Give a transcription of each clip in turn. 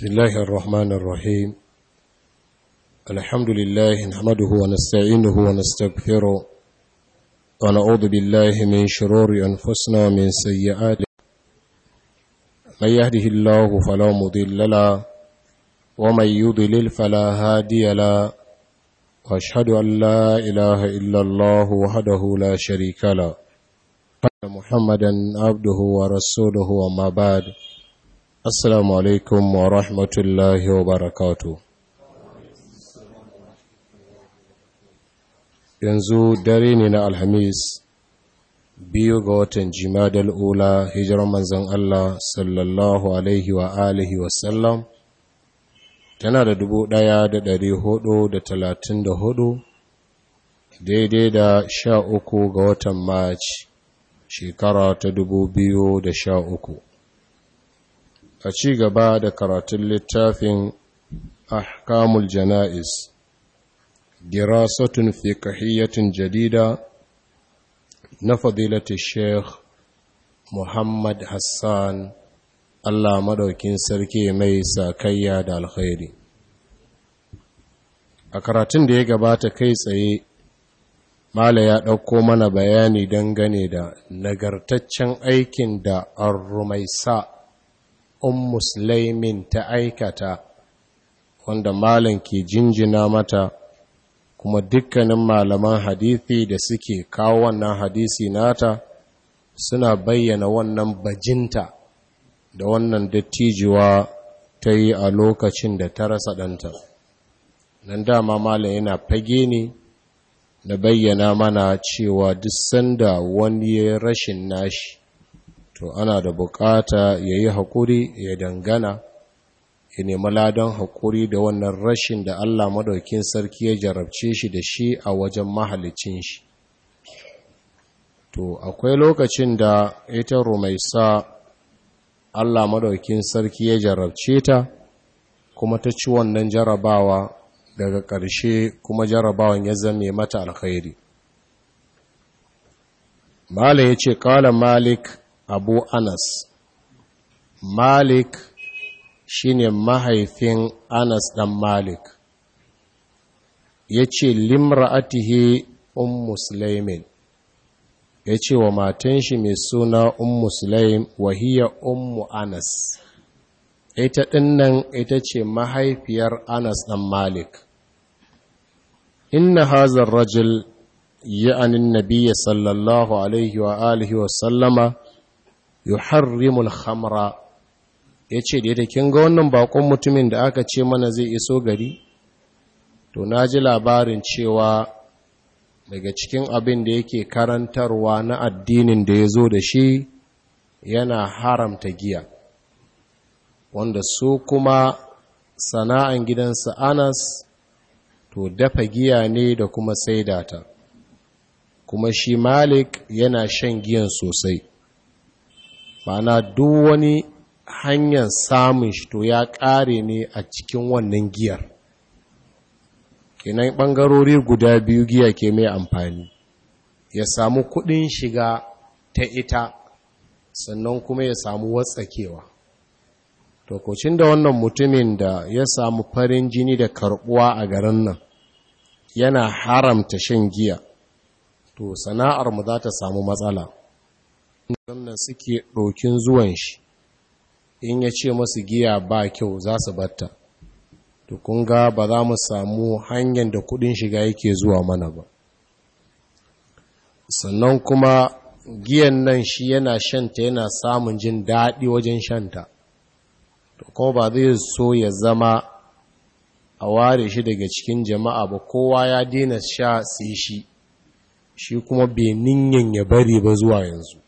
بسم الله الرحمن الرحيم الحمد لله نحمده ونستعينه ونستغفره ونعوذ بالله من شرور أنفسنا ومن سيئات من يهده الله فلا مضل له ومن يضلل فلا هادي له واشهد أن لا إله إلا الله وحده لا شريك له محمدا عبده ورسوله وما بعد Assalamu alaikum wa rahmatullahi wa barakatu. Yanzu dare ne na Alhamis, biyu ga watan jimadal ula hijirar manzan Allah sallallahu alaihi wa alihi wasallam, tana da dubu ɗaya da ɗari hudu da talatin da hudu, daidai da sha uku ga watan Maci, shekara ta dubu biyu da sha uku. a ci gaba da karatun littafin ahkamul jana'iz dirasatun fiqhiyyatin jadida na fadilati sheikh muhammad hassan allah madaukin sarki mai sakayya da alkhairi a karatun da ya gabata kai tsaye mala ya ɗauko mana bayani dangane da nagartaccen aikin da an sa. um musulmin ta aikata wanda malam ke jinjina mata kuma dukkanin malaman hadithi da suke kawo wannan hadisi nata suna bayyana wannan bajinta da wannan dattijuwa ta yi a lokacin da ta rasa ɗanta nan dama malam yana fage ne na bayyana mana cewa duk sanda wani ya rashin nashi to ana da bukata ya yi haƙuri ya dangana ya nemi ladan haƙuri da wannan rashin da Allah maɗaukin sarki ya jarabce shi da shi a wajen mahalicin shi to akwai lokacin da ita sa Allah maɗaukin sarki ya jarabce ta kuma ta ci wannan jarabawa daga ƙarshe kuma jarabawan ya zame mata alkhairi Malam ya ce, Ƙala Malik abu anas malik shine mahaifin anas dan malik ya ce limra'atihi um musulmin ya ce wa matan shi mai suna um musulaim wahiya ummu anas ita ɗinnan ita ce mahaifiyar anas dan malik inna hazar rajul ya'anin nabiya sallallahu alaihi wa alihi wa sallama yuharrimul الخمر yace da da kin ga wannan bakon mutumin da aka ce mana zai iso gari to na ji labarin cewa daga cikin abin da yake karantarwa na addinin da ya zo da shi yana haramta giya wanda su kuma sana'an gidansa anas to dafa giya ne da kuma saidata kuma shi malik yana shan giyan sosai ma'ana duk wani hanyar samun shi to ya ƙare ne a cikin wannan giyar kenan ɓangarori guda biyu giya ke mai amfani ya samu kuɗin shiga ta ita sannan kuma ya samu watsakewa tokocin da wannan mutumin da ya samu farin jini da karbuwa a garin nan yana haramta shan giya to sana'armu za ta samu matsala nan suke ɗokin zuwan shi in ya ce masu giya ba kyau za su batta to kun ga ba za mu samu hanyar da kudin shiga yake zuwa mana ba sannan kuma giyan nan shi yana shanta yana samun jin daɗi wajen shanta to kuma ba zai so ya zama a ware shi daga cikin jama'a ba kowa ya daina sha sai shi shi kuma benin ya bari ba zuwa yanzu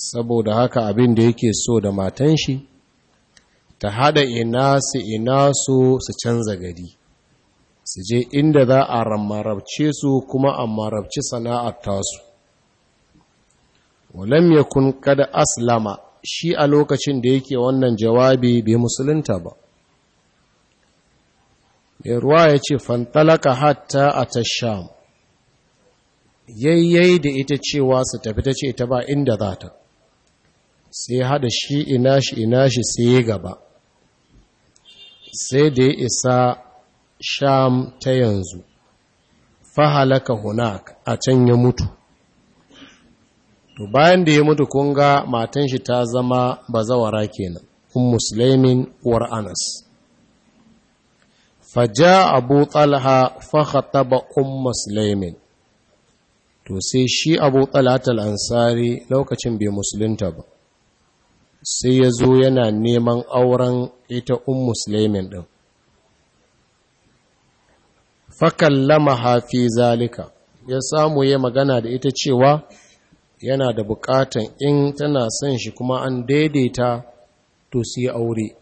saboda haka abin da yake so da matan shi ta hada ina su ina su su canza gari su je inda za a ramarabce su kuma a marabci sana'ar tasu walam kun kada aslama shi a lokacin da yake wannan jawabi bai musulunta ba mai ruwa ya ce fantalaka hatta a tasham yayyai da ita cewa su tafi ta ce ta ba inda za ta sai haɗa shi ina shi ina shi sai gaba sai da ya isa sham ta yanzu fahalaka hunak a can ya mutu to bayan da ya mutu kun ga matan shi ta zama bazawara kenan kun musulmin uwar anas faja abu talha ba kun musulmin to sai shi abu talha ansari lokacin bai musulunta ba sai ya zo yana neman auren ita un ɗin fakallama hafi zalika ya samu ya magana da ita cewa yana da bukatan in tana son shi kuma an daidaita to su aure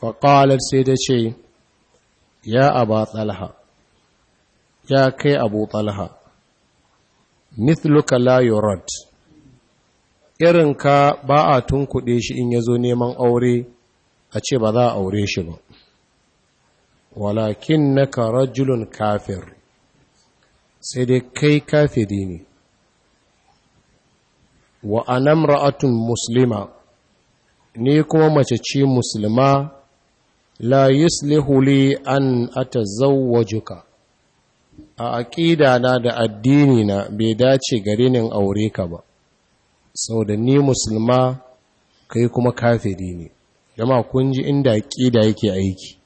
faƙalar sai ta ce ya aba tsalha, ya kai abu tsalha. mithluka la Irin ka ba a tun tunkuɗe shi in ya zo neman aure a ce ba za a aure shi ba walakin na rajulun kafir sai dai kai kafiri ne wa anam ra'atun muslima ne kuma mace ce musulma la yuslihu li an atazawwajuka a aƙida na da addini na bai dace gari ni aure ka ba sau da ni musulma kai kuma kafiri ne dama kun ji inda aƙida yake aiki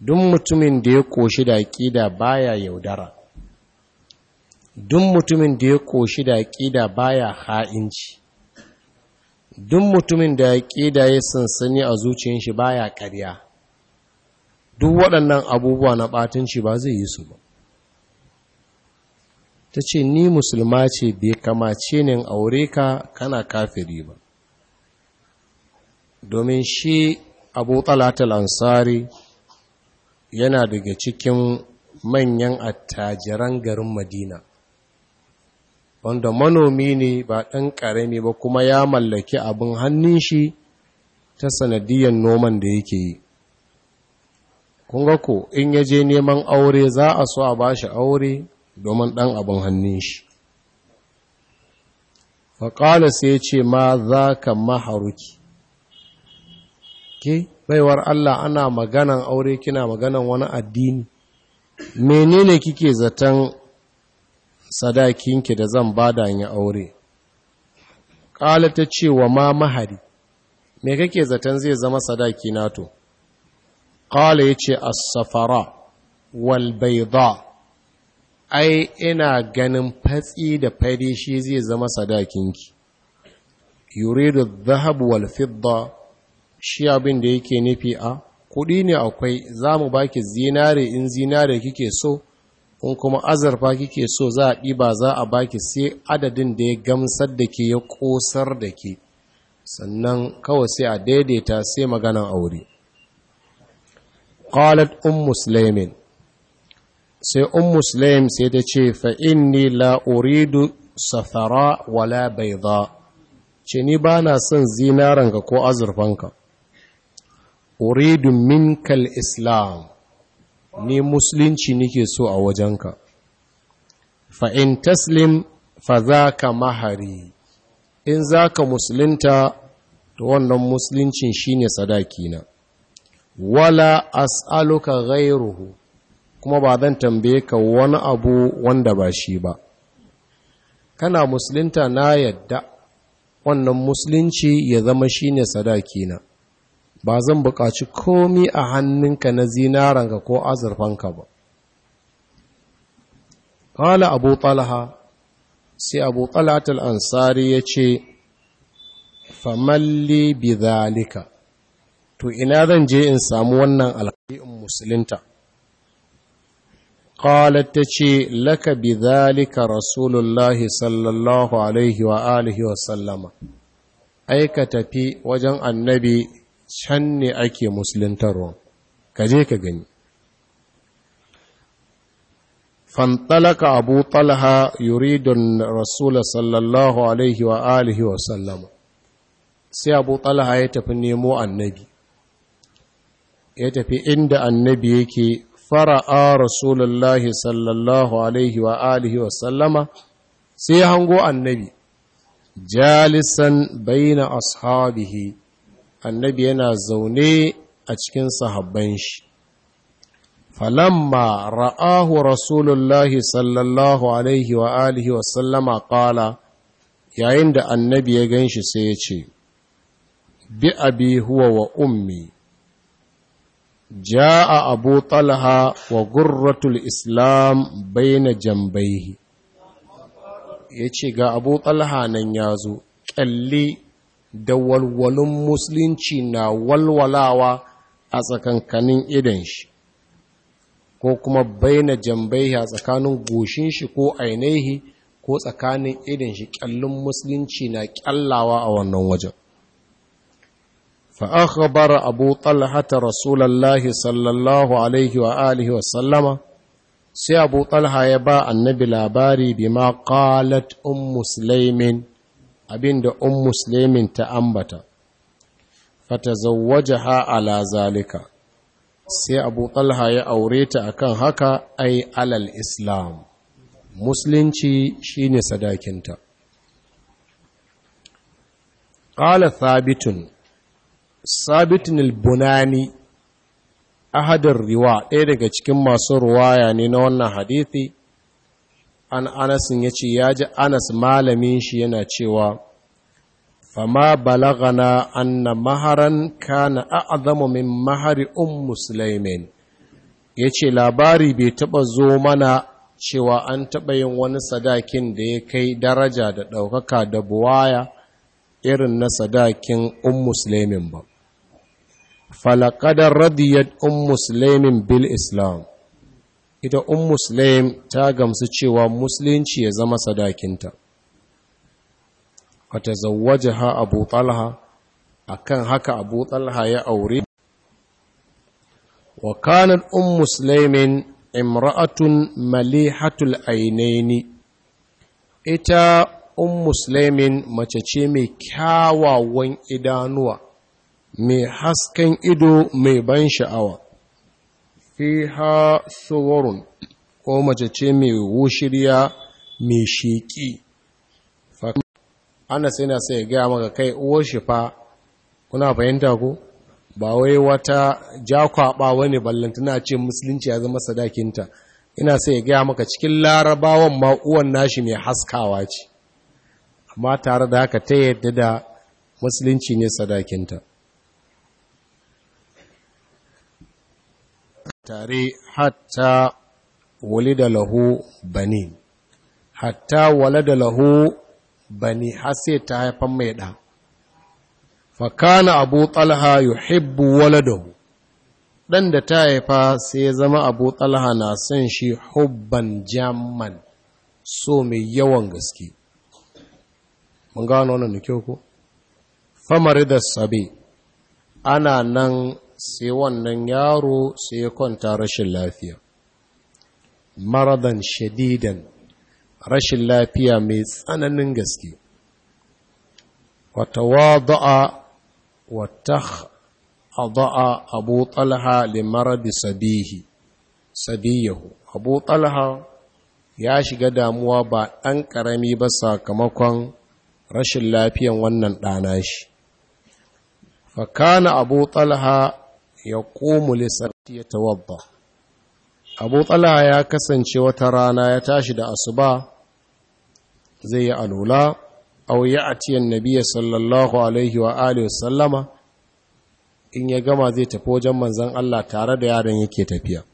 duk mutumin da ya ƙoshi da aƙida baya yaudara duk mutumin da ya ƙoshi da aƙida baya ha'inci duk mutumin da aƙida ya sansani a zuciyar shi baya ƙarya duk waɗannan abubuwa na ɓatanci ba zai yi su ba ta ce ni musulma ce bai kamace ni aure ka kana kafiri ba domin shi abu talatal ansari yana daga cikin manyan attajiran garin madina wanda manomi ne ba ɗan ƙarami ba kuma ya mallaki abin hannun shi ta sanadiyar noman da yake yi kunga ko in ya je neman aure za a so a ba shi aure domin ɗan abin hannun shi faƙala sai ya ce ma za ka maharuki ke baiwar Allah ana maganan aure kina maganan wani addini menene kike zaton sadakinki da zan bada yin aure ƙala ta ce wa ma mahari me kake zaton zai zama sadaki nato ƙala ya ce as-safara wal baida ai ina ganin fatsi da fari shi zai zama sadakinki yuridu dhahab wal fidda shi abin da yake nufi a kudi ne akwai zamu baki zinare in zinare kike so in kuma azurfa kike so za a ɗiba za a baki sai adadin da ya gamsar da ke ya ƙosar da ke sannan kawai sai a daidaita sai maganan aure qalat um muslimin sai un um muslim sai ta ce fa la’uridu la uridu safara wala za ce ni ba na son zinaranka ko azurfanka uridu minkal islam ni musulunci nike so a wajenka fa’in taslim fa za ka mahari in za ka musulunta ta wannan musuluncin shine sadakina wala as'aluka gairuhu kuma ba zan tambaye ka wani abu wanda ba shi ba kana musulunta na yadda wannan musulunci ya zama shine sadakina ba zan buƙaci komi a hannunka na zinaranka ko azurfanka ba ƙala abu talha sai abu talatul ansari ya ce famalli bi zalika to ina zan je in samu wannan alƙa'in musulunta qalat tace laka bidhalika rasulullahi sallallahu alaihi wa alihi wa sallama aika tafi wajen annabi can ne ake musuluntarwa kaje ka gani فانطلق أبو طلحة يريد الرسول صلى الله عليه وآله وسلم سي أبو طلحة يتفي نيمو النبي يتفي عند النبي يكي fara'a rasulullahi sallallahu alaihi wa alihi wa sallama sai hango annabi jalisan baina ashabihi annabi yana zaune a cikin sahabban shi falamma ra'ahu rasulullahi sallallahu alaihi wa alihi wa sallama qala yayin da annabi ya ganshi sai ya ce bi abi huwa wa ummi Ja a abu talha wa gurratul islam baina jambaihi ya ce ga abu nan ya ƙyalli da walwalin musulunci na walwalawa a tsakankanin idan shi ko kuma baina jambaihi a tsakanin goshin shi ko ainihi ko tsakanin idan shi ƙyallun musulunci na ƙyallawa a wannan wajen فأخبر أبو طلحة رسول الله صلى الله عليه وآله وسلم سي أبو طلحة يبا النبي لاباري بما قالت أم مسلم أبين دا أم مسلم تأمبت فتزوجها على ذلك سي أبو طلحة يأوريت أكان هكا أي على الإسلام مسلمشي شيني صداكنت قال ثابت sabitin al-bunani ahadar riwa ɗaya daga cikin masu ruwaya ne na wannan hadithi an anasin ya ce ya ji anas malamin shi yana cewa fama balagana anna maharan kana a'zamu min mahari um musulmin ya ce labari bai taɓa zo mana cewa an taɓa yin wani sadakin da ya kai daraja da ɗaukaka da buwaya irin na sadakin um musulmin ba falakadar radiyar un musulmin bil islam ita un musulmin ta gamsu cewa musulunci ya zama sadakinta fata zawaje ha abu talha akan haka abu talha ya aure wa kanar un musulmin imra'atun malihatul ainihi ita un musulmin mace ce mai kyawawan idanuwa mai hasken ido mai ban sha'awa ha suwarun ko mace ce mai wushirya mai sheƙi ana sai na sai gaya maka kai uwar shi fa kuna fahimta ku? ba wai wata jakwaɓa wani ballantana ce musulunci ya zama sadakinta ina sai gaya maka cikin larabawan ma uwan nashi mai haskawa ce amma tare da haka ta yadda da musulunci ne sadakinta tare hatta walida lahu bani hatta da lahu bani har sai ta haifan mai ɗa fakana abu talha yuhibbu waladahu ɗan da ta haifa sai zama abu talha na son shi hubban jamman so mai yawan gaske mun gano wannan da kyau ko famar da sabi ana nan sai wannan yaro sai ya kwanta rashin lafiya maradan shadidan rashin lafiya mai tsananin gaske watawada'a wata ada'a abu talha limaradi sabihi sabiyahu abu talha ya shiga damuwa ba ɗan ƙarami ba sakamakon rashin lafiyan wannan ɗana shi fakana abu talha ya ƙomu lissarati ya tawabba abu tsala ya kasance wata rana ya tashi da asuba zai yi alula au a tiyan nabiya sallallahu alaihi wa alihi sallama in ya gama zai tafi wajen manzan Allah tare da yaran yake tafiya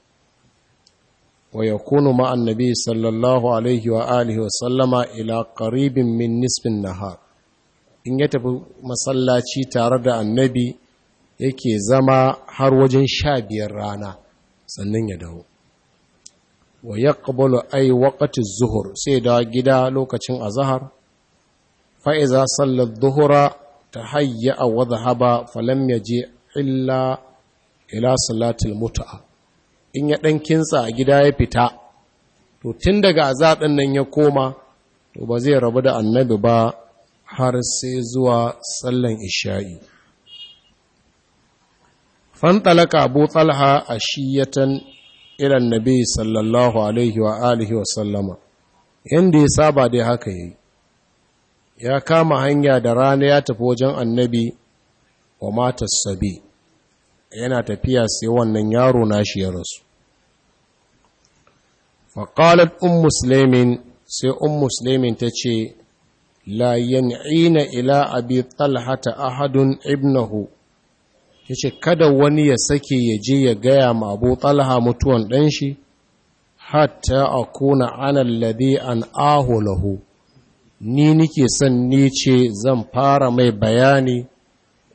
wa ya kunu ma'an nabi sallallahu alaihi wa alihi sallama ila ƙaribin min nisfin nahar in ya tafi masallaci tare da annabi yake zama har wajen sha biyar rana sannan ya dawo wa ya a ai wakati zuhur sai da gida lokacin azahar fa'iza sallar zuhura ta hayya a wadda haba falam ya je illa ila salatul mutu'a in ya ɗan kinsa a gida ya fita to tun daga azaɗin nan ya koma to ba zai rabu da annabi ba har sai zuwa sallan isha'i fantalaka abu talha a shiyatan iran nabi sallallahu alaihi wa alihi wa sallama inda ya saba dai haka yi ya kama hanya da rana ya tafi wajen annabi wa matar sabi yana tafiya sai wannan yaro na shi ya rasu faƙalar un musulmin sai un musulmin ta ce la yan'ina ila abi talhata ahadun ibnahu ya ce kada wani ya sake ya je ya gaya ma abu talha mutuwan ɗan shi hatta a kuna ladi an aho lahu ni nike son ni ce zan fara mai bayani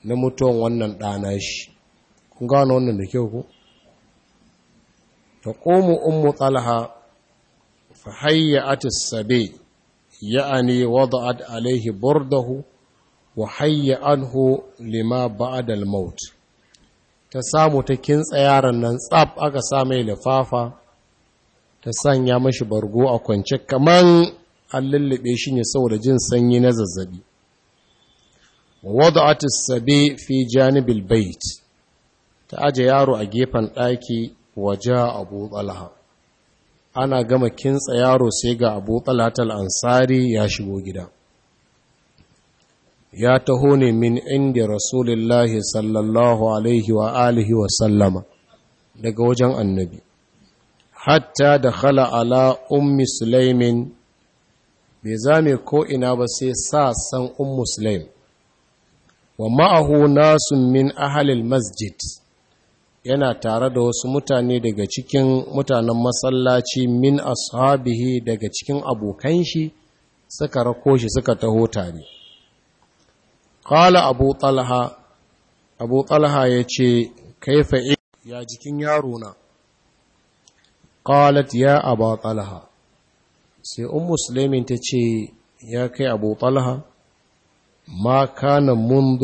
na mutuwan wannan ɗana shi kun gano wannan da kyau ku ta ƙomu ummu tsalha fa hayya atisabe sabe wadda ad alaihi burdahu wa hayya anhu lima ba'adal maut ta samu ta kintsa yaran nan tsab aka sa mai lifafa ta sanya mashi bargo a kwance kaman an lullube shi ne saboda jin sanyi na zazzabi as sabi fi janibil bait ta aje yaro a gefen ɗaki waja abu talha ana gama kintsa yaro sai ga abu talha ansari ya shigo gida ya taho ne min inda rasulullahi sallallahu alaihi wa alihi wa sallama daga wajen annabi hatta da khala ala ummi sulaimin bai zame ko ina ba sai sa san ummu sulaim wa ma'ahu nasun min ahalil masjid yana tare da wasu mutane daga cikin mutanen masallaci min ashabihi daga cikin abokan shi suka rako shi suka taho tare Kala Abu Talha, Abu Talha ya ce, Kaifa ya jikin yaro na, Kalat ya Abu Talha, sai un musulmi ta ce, Ya kai Abu Talha, ma kana mun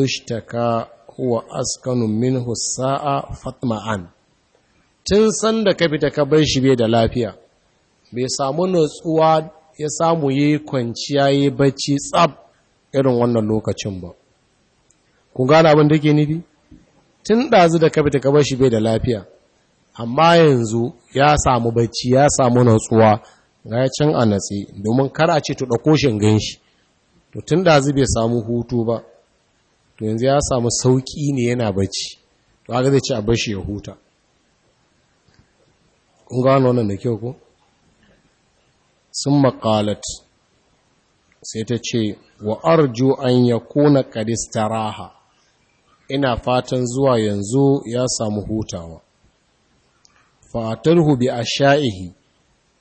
ka wa askanun min hussa'a fatma'an. Tun sanda ka fita ka bar shi bai da lafiya, bai samu nutsuwa ya samu yi kwanciya yi bacci tsab irin wannan lokacin ba. Ku gane abin da ke nufi tun ɗazu da kafita ka bashi bai da lafiya amma yanzu ya samu bacci ya samu natsuwa ga can a natsi domin kar a ce to ɗauko shi gan shi to tun ɗazu bai samu hutu ba to yanzu ya samu sauƙi ne yana bacci to haka zai ci a bashi ya huta kun gano wannan da kyau ko sun sai ta ce wa arju an ya kuna raha. ina fatan zuwa yanzu ya samu hutawa fatarhu bi asha'ihi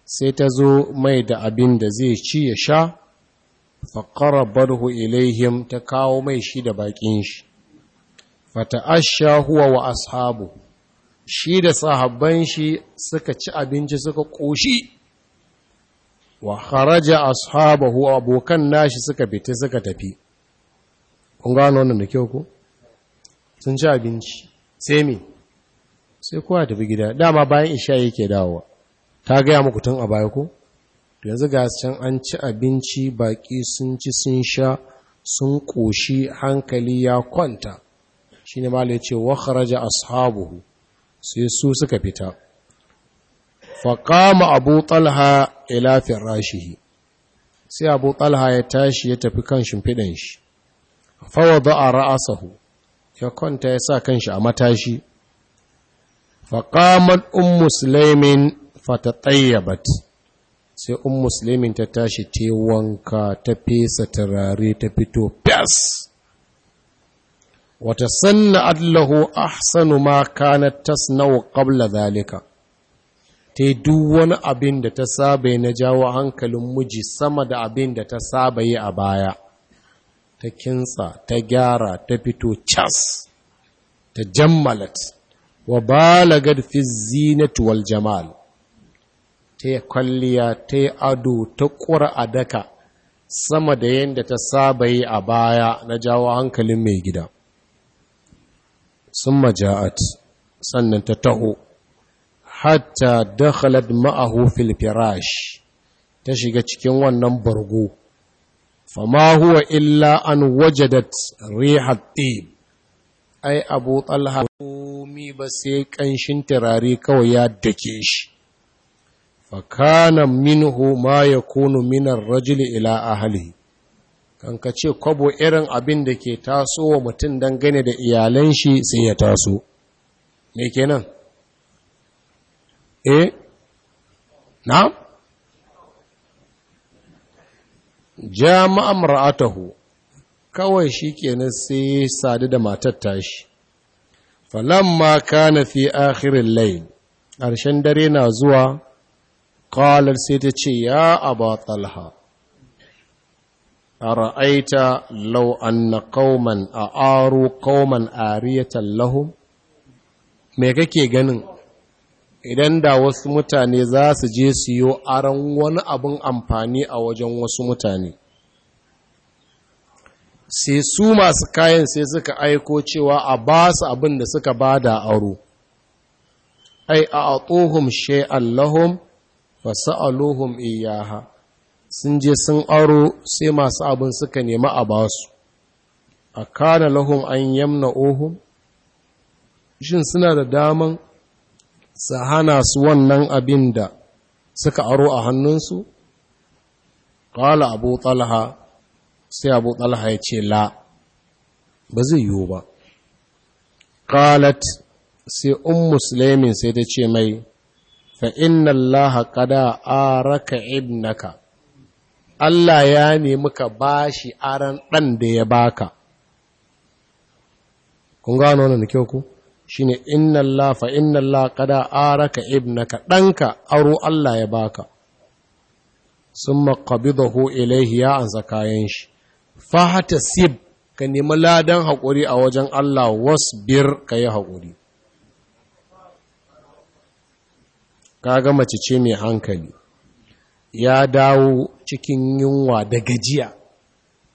sai ta zo mai da abin da zai ci ya sha faƙarar barhu ilaihim ta kawo mai shi da baƙin shi Fata asha huwa wa ashabu shi da sahabban shi suka ci abinci suka ƙoshi wa haraja ashabahu abokan nashi suka fita suka tafi kun gano wannan da kyau ko sun ci abinci sai mi sai kowa tafi gida dama bayan isha yake dawowa ta gaya muku tun a baya ko yanzu ga can an ci abinci baki sun ci sun sha sun ƙoshi hankali ya kwanta shi ne mala ya ce wa kharaja ashabuhu sai su suka fita faƙama abu talha lafi firashihi sai abu talha ya tashi ya tafi kan shimfiɗan shi fawa a ra'asahu ya kwanta ya sa kanshi a matashi faƙamar un musulmin fatattayyabat sai un musulmin ta tashi te wanka ta fesa turare ta fito fes wata sanna allahu ahsanu ma kanat tasnau qabla zalika ta yi duk wani abin da ta saba na jawo hankalin miji sama da abin da ta saba yi a baya ta kinsa ta gyara ta fito cas ta jammalat wa balagad fi zinatu wal jamal ta yi kwalliya ta yi ado ta ƙura a daka sama da yadda ta saba yi a baya na jawo hankalin mai gida sun maja'at sannan ta taho hatta dakhalat ma'ahu fil firash ta shiga cikin wannan bargo fama huwa illa an wajadat rihat tib ai abu talha komi ba sai ƙanshin turare kawai ya dake shi fakana minhu ma ya min ar-rajuli ila ahali. Kanka ce kwabo irin abin da ke taso wa mutum dangane da iyalan shi sai taso me kenan eh na jama'a mara'atahu kawai shi kenan sai sadu da matar tashi falamma kana fi akhirin lai ƙarshen dare na zuwa ƙalar sai ta ce ya aba tsalha. a ra'aita lau na kauman a aro kauman ariyatallahu mai kake ganin idan da wasu mutane za su je siyo aron wani abin amfani a wajen wasu mutane sai su masu kayan sai suka aiko cewa a ba su abin da suka ba da aro ai a atohum shay'an lahum fa iyaha sun je sun aro sai masu abin suka nemi a ba su a kana an yamna ohun shin suna da daman sa hana su wannan abin da suka aro a hannunsu? Ƙala abu talha sai abu talha ya ce la, ba zai yiwu ba. Ƙalat sai un musulmin sai ta ce mai, fa'in Allah kada a raka ibnaka. Allah ya nemi ka bashi shi aran ɗan da ya baka. Kun gano wannan da kyau ku? shine inna inna fa inna Allah qada araka ibnaka danka aro Allah ya baka summa ho ilaihi ya ansa kayan shi fa sib ka nemi ladan haƙuri a wajen Allah wasbir ka yi haƙuri ga mace ce mai hankali ya dawo cikin yunwa da gajiya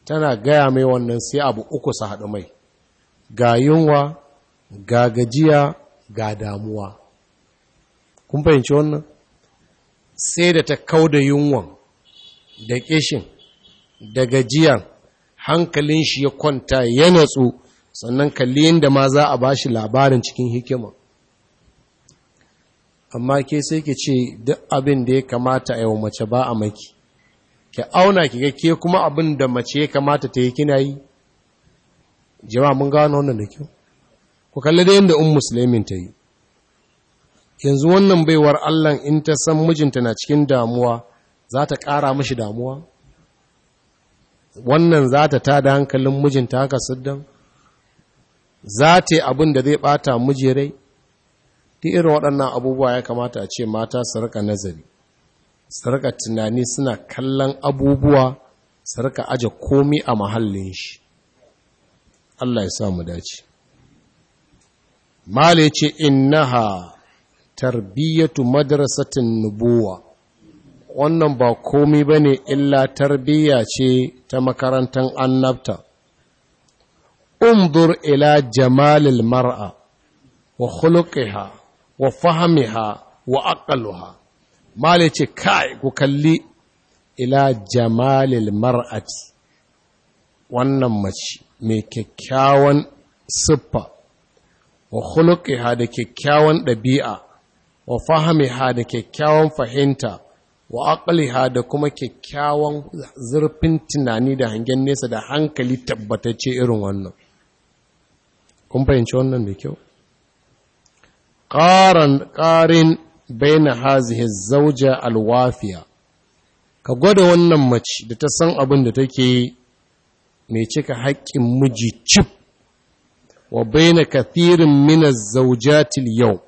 tana gaya mai wannan sai abu uku su haɗu mai ga yunwa ga gajiya ga damuwa kun fahimci wannan sai da ta kau da yunwan da kishin, da gajiyan hankalin shi ya kwanta ya natsu sannan kalli yadda ma za a ba shi labarin cikin hikima amma ke sai ke ce duk abin da ya kamata a yau mace ba a maki ke auna ki ga ke kuma abin da mace ya kamata ta yi kina yi jama'a mun gano wannan da kyau ku kalli da yadda un musulmin ta yi yanzu wannan baiwar allah in ta san mijinta na cikin damuwa za ta ƙara mashi damuwa wannan za ta da hankalin mijinta haka siddan za ta yi abin da zai ɓata mijirai ta irin waɗannan abubuwa ya kamata a ce mata su rika nazari su rika tunani suna kallon abubuwa su rika aje komi a mahallin shi Allah ya sa mu dace mala ya ce innaha tarbiyyatu madrasatin nubuwa wannan ba komi ba ne illa tarbiyya ce ta makarantar annabta unzur ila jamalil mar'a wa khuluqiha wa fahmiha wa ha, mala ce kai ku kalli ila jamalil mar'ati wannan mace mai kyakkyawan siffa wa khuluqi hada kyakkyawan ɗabi'a wa fahmi hada kyakkyawan fahimta wa aqli hada kuma kyakkyawan zurfin tunani da hangen nesa da hankali tabbatacce irin wannan kun fahimci wannan da kyau qaran qarin baina hazihi zawja alwafiya ka gwada wannan mace da ta san abin da take mai cika haƙƙin miji cif wa baina kathirin min az yau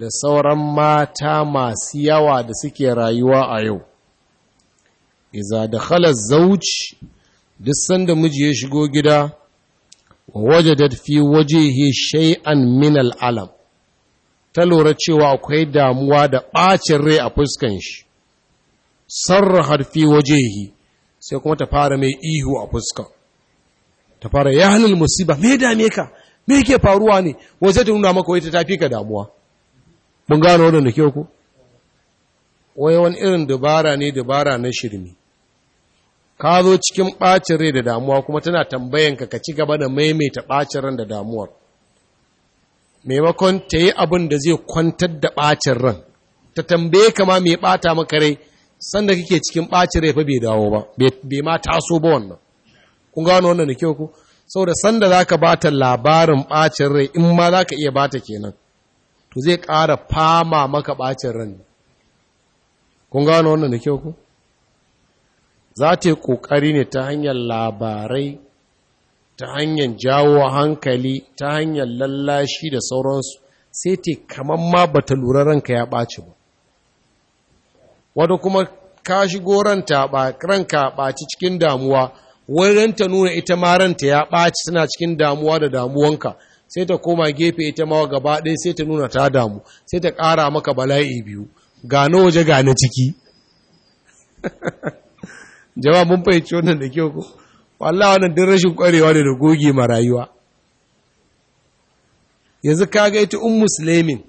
da sauran mata masu yawa da suke rayuwa a yau iza dakhala zawj duk sanda miji ya shigo gida wa wajadat fi wajhihi shay'an min al-alam ta lura cewa akwai damuwa da ɓacin rai a fuskan shi sarra har fi wajhihi sai kuma ta fara mai ihu a fuskan ta fara ya halin musiba mai dame ka me ke faruwa ne waje ta nuna maka wai ta tafi ka damuwa mun gano wannan da wai wani irin dabara ne dabara na shirmi ka zo cikin ɓacin rai da damuwa kuma tana tambayan ka ka ci gaba da maimaita ɓacin ran da damuwar maimakon ta yi abin da zai kwantar da ɓacin ran ta tambaye ka ma mai ɓata maka rai sanda kake cikin ɓacin rai fa bai dawo ba bai ma taso ba wannan kun gano wannan da kyau ku saboda sanda za zaka bata labarin bacin rai in ma za ka iya bata kenan to zai ƙara fama maka bacin ran kun gano wannan da kyau ku za ta yi ƙoƙari ne ta hanyar labarai ta hanyar jawo hankali ta hanyar lallashi da sauransu sai ta kamar ma ba ta lura ranka ya ɓaci ba wadda kuma ka shigo ranka ɓaci cikin damuwa wai ta nuna ita ma ranta ya ɓaci suna cikin damuwa da damuwanka sai ta koma gefe ita ma gaba ɗaya sai ta nuna ta damu sai ta ƙara maka bala'i biyu gano waje gane ciki jama'a mun fahimci wannan da kyau ko walla wannan din rashin ƙwarewa ne da goge ma rayuwa yanzu ka ga ita un musulmin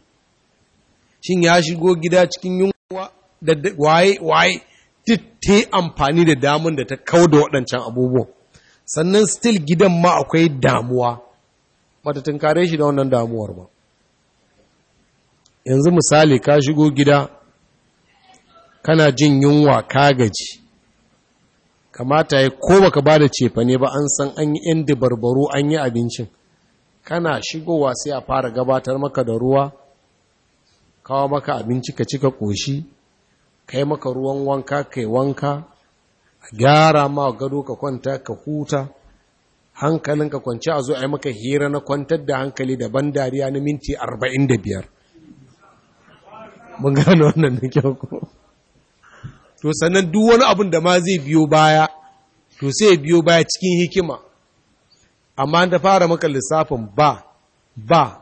shin ya shigo gida cikin yunwa da waye waye titte amfani da damun da ta kawo da waɗancan abubuwan sannan stil gidan ma akwai damuwa bata tunkare shi da wannan damuwar ba yanzu misali ka shigo gida kana jin yunwa ka gaji kamata ya ko baka ba da cefa ba an san an yi 'yan dabarbaru an yi abincin kana shigowa sai a fara gabatar maka da ruwa kawo maka abinci ka cika ƙoshi kai maka ruwan wanka kai wanka a gyara ma gado ka kwanta ka huta Hankalin ka kwanci a zo a yi maka hira na kwantar da hankali da ban dariya na minti 45 mun gano wannan da kyau ko to sannan duk wani abin da ma zai biyo baya to sai biyo baya cikin hikima amma da fara maka lissafin ba ba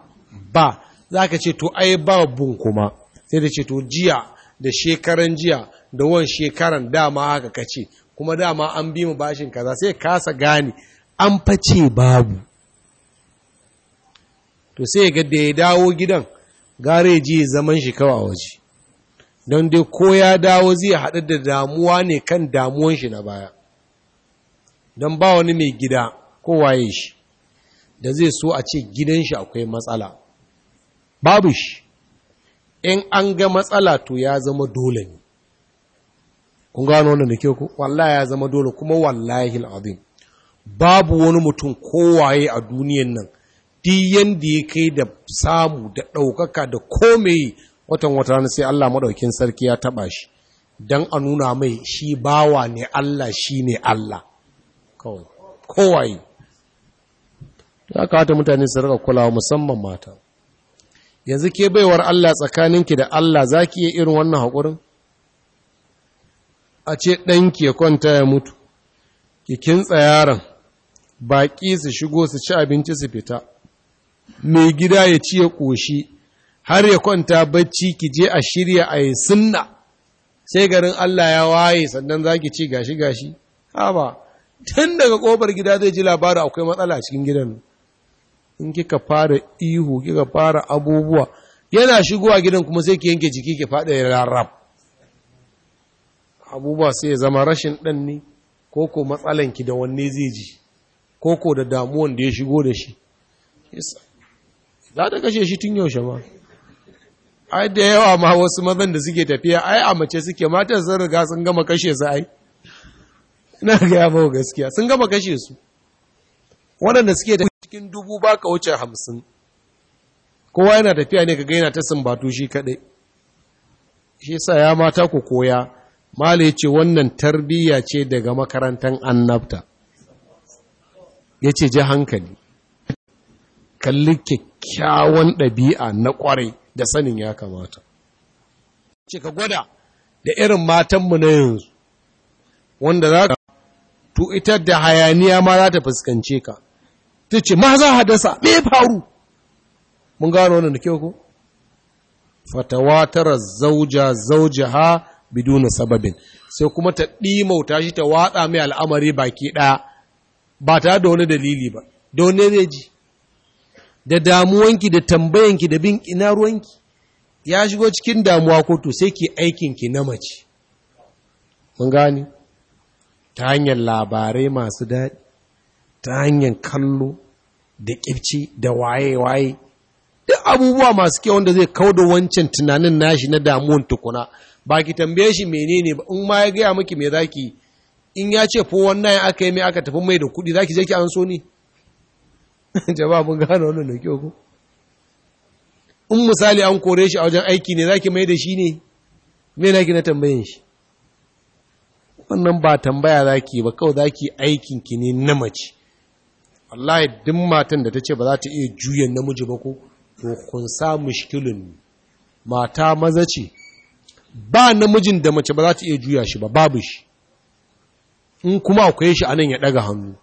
ba za ka ce to ai ba bun kuma sai da ce to jiya da shekaran jiya da wan shekaran dama haka kace kuma dama an bi mu bashin kaza sai kasa gane an face babu to sai ga da ya dawo gidan gareji ji zaman shi kawa waje don dai ko ya dawo zai haɗu da damuwa ne kan damuwan shi na baya don ba wani mai gida ko waye shi da zai so a ce gidan shi akwai matsala babu shi in an ga matsala to ya zama dole ne kun gano wannan da ke ku wallahi ya zama dole kuma wallahi al'azim babu wani mutum kowaye a duniyan nan diyan da ya kai da samu da ɗaukaka da komai watan wata sai Allah maɗaukin sarki ya taɓa shi don a nuna mai shi bawa ne Allah shi ne Allah kawai kowaye ya kawata mutane su rika kulawa musamman mata yanzu ke baiwar Allah tsakaninki da Allah za ki yi irin wannan haƙurin a ce ɗanki ya kwanta ya mutu ki kintsa yaron baƙi su shigo su ci abinci su fita mai gida ya ci ya ƙoshi har ya kwanta bacci ki je a shirya a yi sunna sai garin Allah ya waye sannan za ki ci gashi gashi ha ba tun daga ƙofar gida zai ji labarin akwai matsala a cikin gidan in kika fara ihu kika fara abubuwa yana shigowa gidan kuma sai ki yanke jiki ki fada ya rarrab abubuwa sai ya zama rashin dan ne ko ko matsalan ki da wanne zai ji ko ko da damuwan da ya shigo da shi za ta kashe shi tun yaushe ma ai da yawa ma wasu mazan da suke tafiya ai a mace suke matan sun riga sun gama kashe su ai ina ga yabo gaskiya sun gama kashe su waɗanda suke cikin dubu ba ka wuce hamsin kowa yana tafiya ne ka gaina ta sumbatu shi kaɗai shi sa ya mata ku koya mala ya ce wannan tarbiyya ce daga makarantar annabta ya ce ji hankali kalli kyakkyawan ɗabi'a na ƙwarai da sanin ya kamata ce ka gwada da irin matanmu na yanzu wanda za ka ita da hayaniya ma za ta fuskance ka ta ce ma za a hadasa me faru mun gano wannan da kyau ko tara zauja ha biduna sababin sai kuma ta ɗimauta shi ta watsa mai al'amari baki ɗaya ba ta da wani dalili ba da wani zai ji da damuwanki da tambayanki da bin ina ruwanki ya shigo cikin damuwa ko to sai ki aikinki na mace mun gani ta hanyar labarai masu daɗi ta hanyar kallo da ƙirci da waye-waye duk abubuwa masu kyau wanda zai kawo da wancan tunanin nashi na damuwan tukuna ba ki tambaye shi menene ba in ma ya gaya miki me zaki in ya ce fo wannan aka yi mai aka tafi mai da kuɗi zaki je ki an so ni jama'a mun gano wannan da kyau ko in misali an kore shi a wajen aiki ne zaki mai da shi ne me ki na tambayin shi wannan ba tambaya zaki ba kawai zaki aikin ki ne na mace wallahi din matan da ta ce ba za ta iya juyan namiji ba ko to kun sa mushkilin mata maza ce ba namijin da mace ba za ta iya juya shi ba babu shi in kuma akwai shi anan ya daga hannu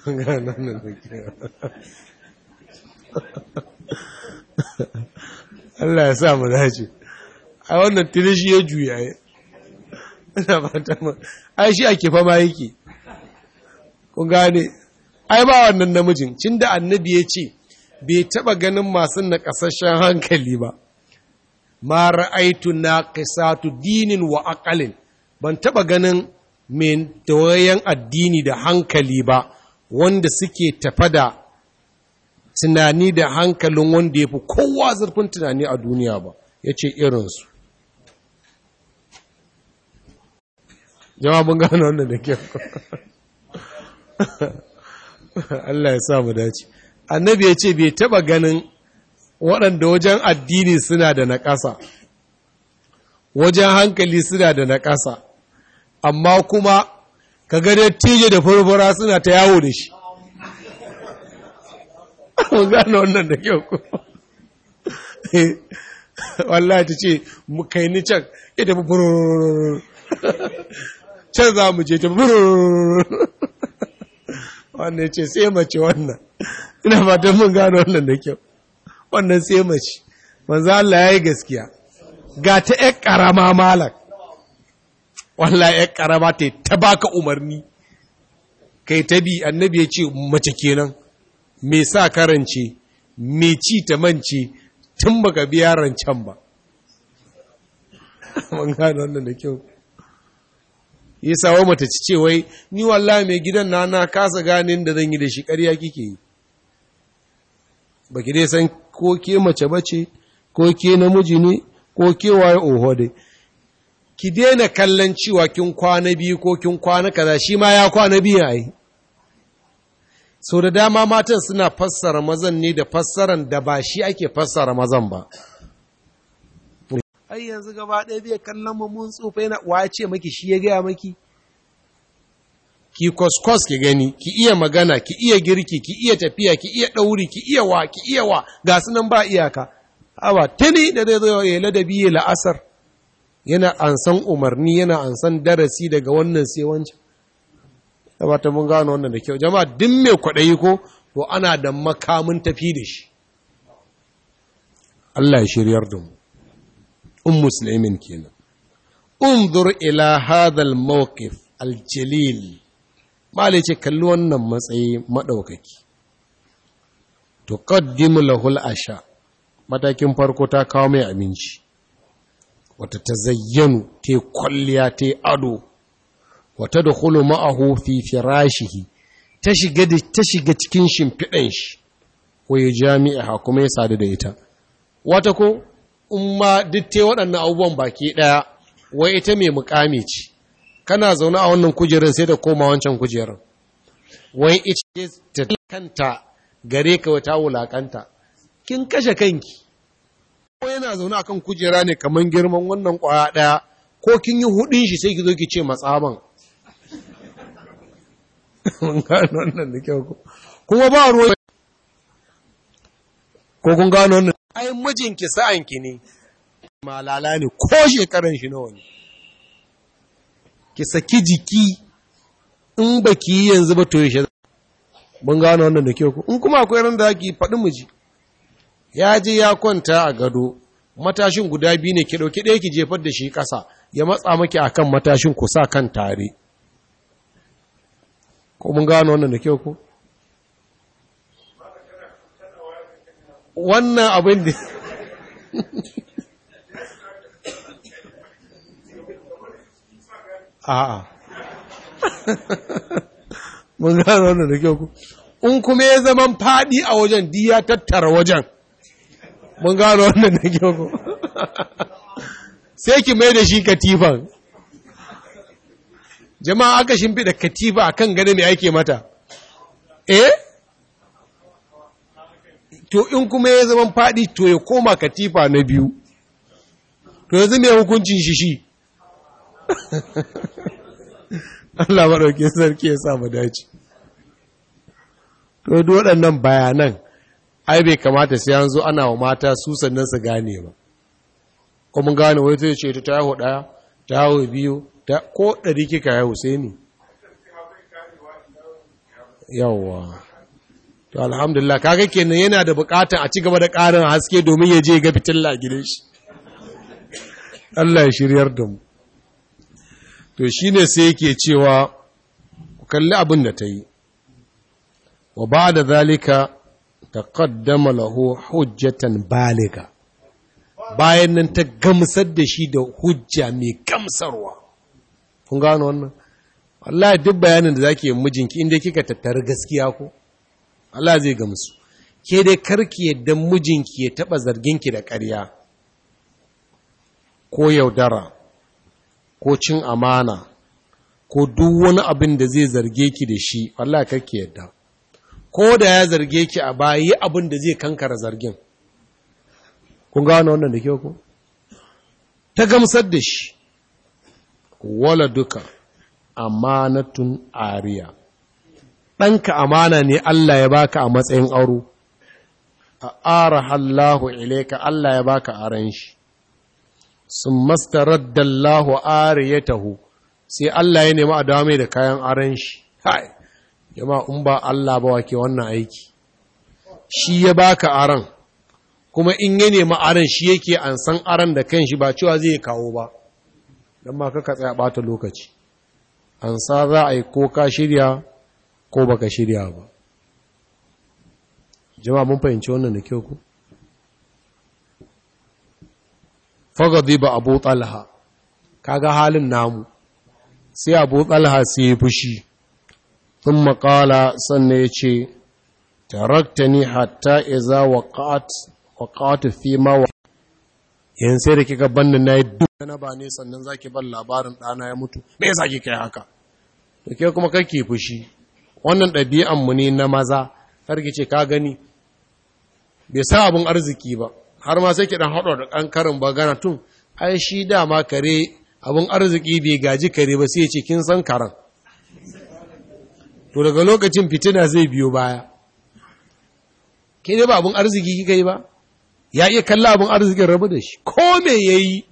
Allah ya sa mu dace a wannan tirishi ya juya ina ba ta ma ai shi ake fama yake kun gane ai ba wannan namijin cin da annabi ya ce bai taba ganin masu nakasashen hankali ba ma ra'aitu kisatu, dinin wa aqalin ban taba ganin mai tawayen addini da hankali ba wanda suke tafa da tunani da hankalin wanda ya fi kowa zurfin tunani a duniya ba ya ce irinsu jama mun gano wannan da kyau Allah ya sa mu dace annabi ya ce bai taba ganin waɗanda wajen addini suna da naƙasa wajen hankali suna da naƙasa amma kuma ka gane tije da furfura suna ta yawo da shi mun gano wannan da kyau eh, wallahi ta ce mu kai ni can ita furfura can za mu je ta wannan ce sai mace wannan ina fatan mun gano wannan da kyau wannan sai mace manzo Allah yayi gaskiya ga ta yar karama malak wallahi yar karama ta ta baka umarni kai ta bi annabi ya ce mace kenan me sa karance me ci ta mance tun baka biya rancen ba mun gano wannan da kyau ya sawo mata ci ce wai ni wallahi mai gidan na na kasa ganin da zan yi da shi karya kike yi baki dai san ko ke mace bace ko ke namiji ne ko ke waye oho dai ki daina kallon cewa kin kwana biyu ko kin kwana kaza shi ma ya kwana biyu ai so da dama matan suna fassara mazan ne da fassaran da ba shi ake fassara mazan ba ai yanzu gaba ɗaya bai kallon mu mun tsufa yana wace maki shi ya gaya maki ki kwaskwas ki gani ki iya magana ki iya girki ki iya tafiya ki iya ɗauri ki iya wa ki iya wa ga su nan ba iyaka awa tuni da zai zo ya ladabi ya la'asar yana ansan umarni yana ansan darasi daga wannan sai wancan ta mun gano wannan da kyau jama'a duk mai kwaɗayi ko to ana da makamin tafi da shi Allah ya shiryar da mu um muslimin kenan unzur ila hadal mawqif aljalil malai ce kalli wannan matsayi madaukaki tuqaddimu lahul asha matakin farko ta kawo mai aminci wata tazayyanu ta kwalliya ta ado wata da hulu ma'ahu fi firashihi ta shiga ta shiga cikin shimfiɗan shi ko ya jami'a kuma ya sadu da ita wata ko in ma ditte waɗannan abubuwan baki ɗaya wai ita mai mukami ce kana zaune a wannan kujerar sai da koma wancan kujerar wai ita ce ta kanta gare ka wata wulakanta kin kashe kanki ko yana zaune akan kujera ne kamar girman wannan ƙwaya ɗaya ko kin yi hudin shi sai ki zo ki ce matsaban kuma ba ruwa ko kun gano wannan ai mijinki sa'anki ne malala ne ko shekaran shi nawa ne ki saki jiki in baki yi yanzu ba to shi mun gano wannan da kyau in kuma akwai ran da zaki faɗi miji ya je ya kwanta a gado matashin guda biyu ne ki ɗauki ɗaya ki jefar da shi ƙasa ya matsa maki akan matashin ku sa kan tare ko mun gano wannan da kyau ko wannan abin da a'a mun gano wannan da kyau in kuma ya zaman faɗi a wajen di ya tattara wajen mun gano wannan da kyau sai ki mai da shi katifan jama'a aka shimfiɗa katifa a kan gane mai aike mata eh to in kuma ya zama faɗi to ya koma katifa na biyu to yanzu mai hukuncin shi shi Allah maɗauki sarki ya sa dace to duk waɗannan bayanan ai bai kamata sai an zo ana wa mata su sannan su gane ba kuma gane wai zai ce ta taho ɗaya taho biyu ko ɗari kika yahu sai ne. yawwa to alhamdulillah kaga kenan yana da bukatan a ci gaba da karin haske domin ya je ga fitilla gidan shi Allah ya shiryar da mu to shine sai yake cewa ku kalli abin da ta yi wa ba'da zalika taqaddama lahu hujjatan baliga bayan nan ta gamsar da shi da hujja mai gamsarwa kun gano wannan wallahi duk bayanin da zake yi mijinki inda kika tattara gaskiya ko Allah zai ga musu ke dai karki yadda mijinki ya taɓa ki da ƙarya ko yaudara ko cin amana ko duk wani abin da zai zarge ki da shi Allah karki yadda ko da ya zarge ki a baya yi abin da zai kankara zargin kun gano wannan da ke ku? ta gamsar da shi wala duka amanatun ariya ɗanka amana ne Allah ya baka a matsayin aro a ara hallahu ilaika Allah ya baka aran shi sun mastarar dallahu are ya taho sai Allah ya nemi a dame da kayan ran shi hai yama in ba Allah ba wake wannan aiki shi ya baka ran, kuma in ya nemi ran shi yake an san ran da kan shi ba cewa zai kawo ba don ma kaka tsaya ɓata lokaci an sa za a yi ko ka shirya ko baka shirya ba jama'a mun fahimci wannan da kyau ku fagadi ba abu talha kaga halin namu sai abu talha sai ya fushi sun makala sannan ya ce tarakta ni hatta iza waƙatu fi mawa yin sai da kika banni na yi duk na ba ne sannan zaki ban labarin ɗana ya mutu me kika yi haka to ke kuma kake fushi wannan ɗabi'an mu ne na maza harki ce ka gani bai sa abin arziki ba har ma sai ki ɗan da ɗan karin gana tun ai shi dama kare abin arziki bai gaji kare ba sai ce kin san karan to daga lokacin fitina zai biyo baya ke ne ba abin arziki kika yi ba ya iya kalla abin arzikin rabu da shi ko me ya yi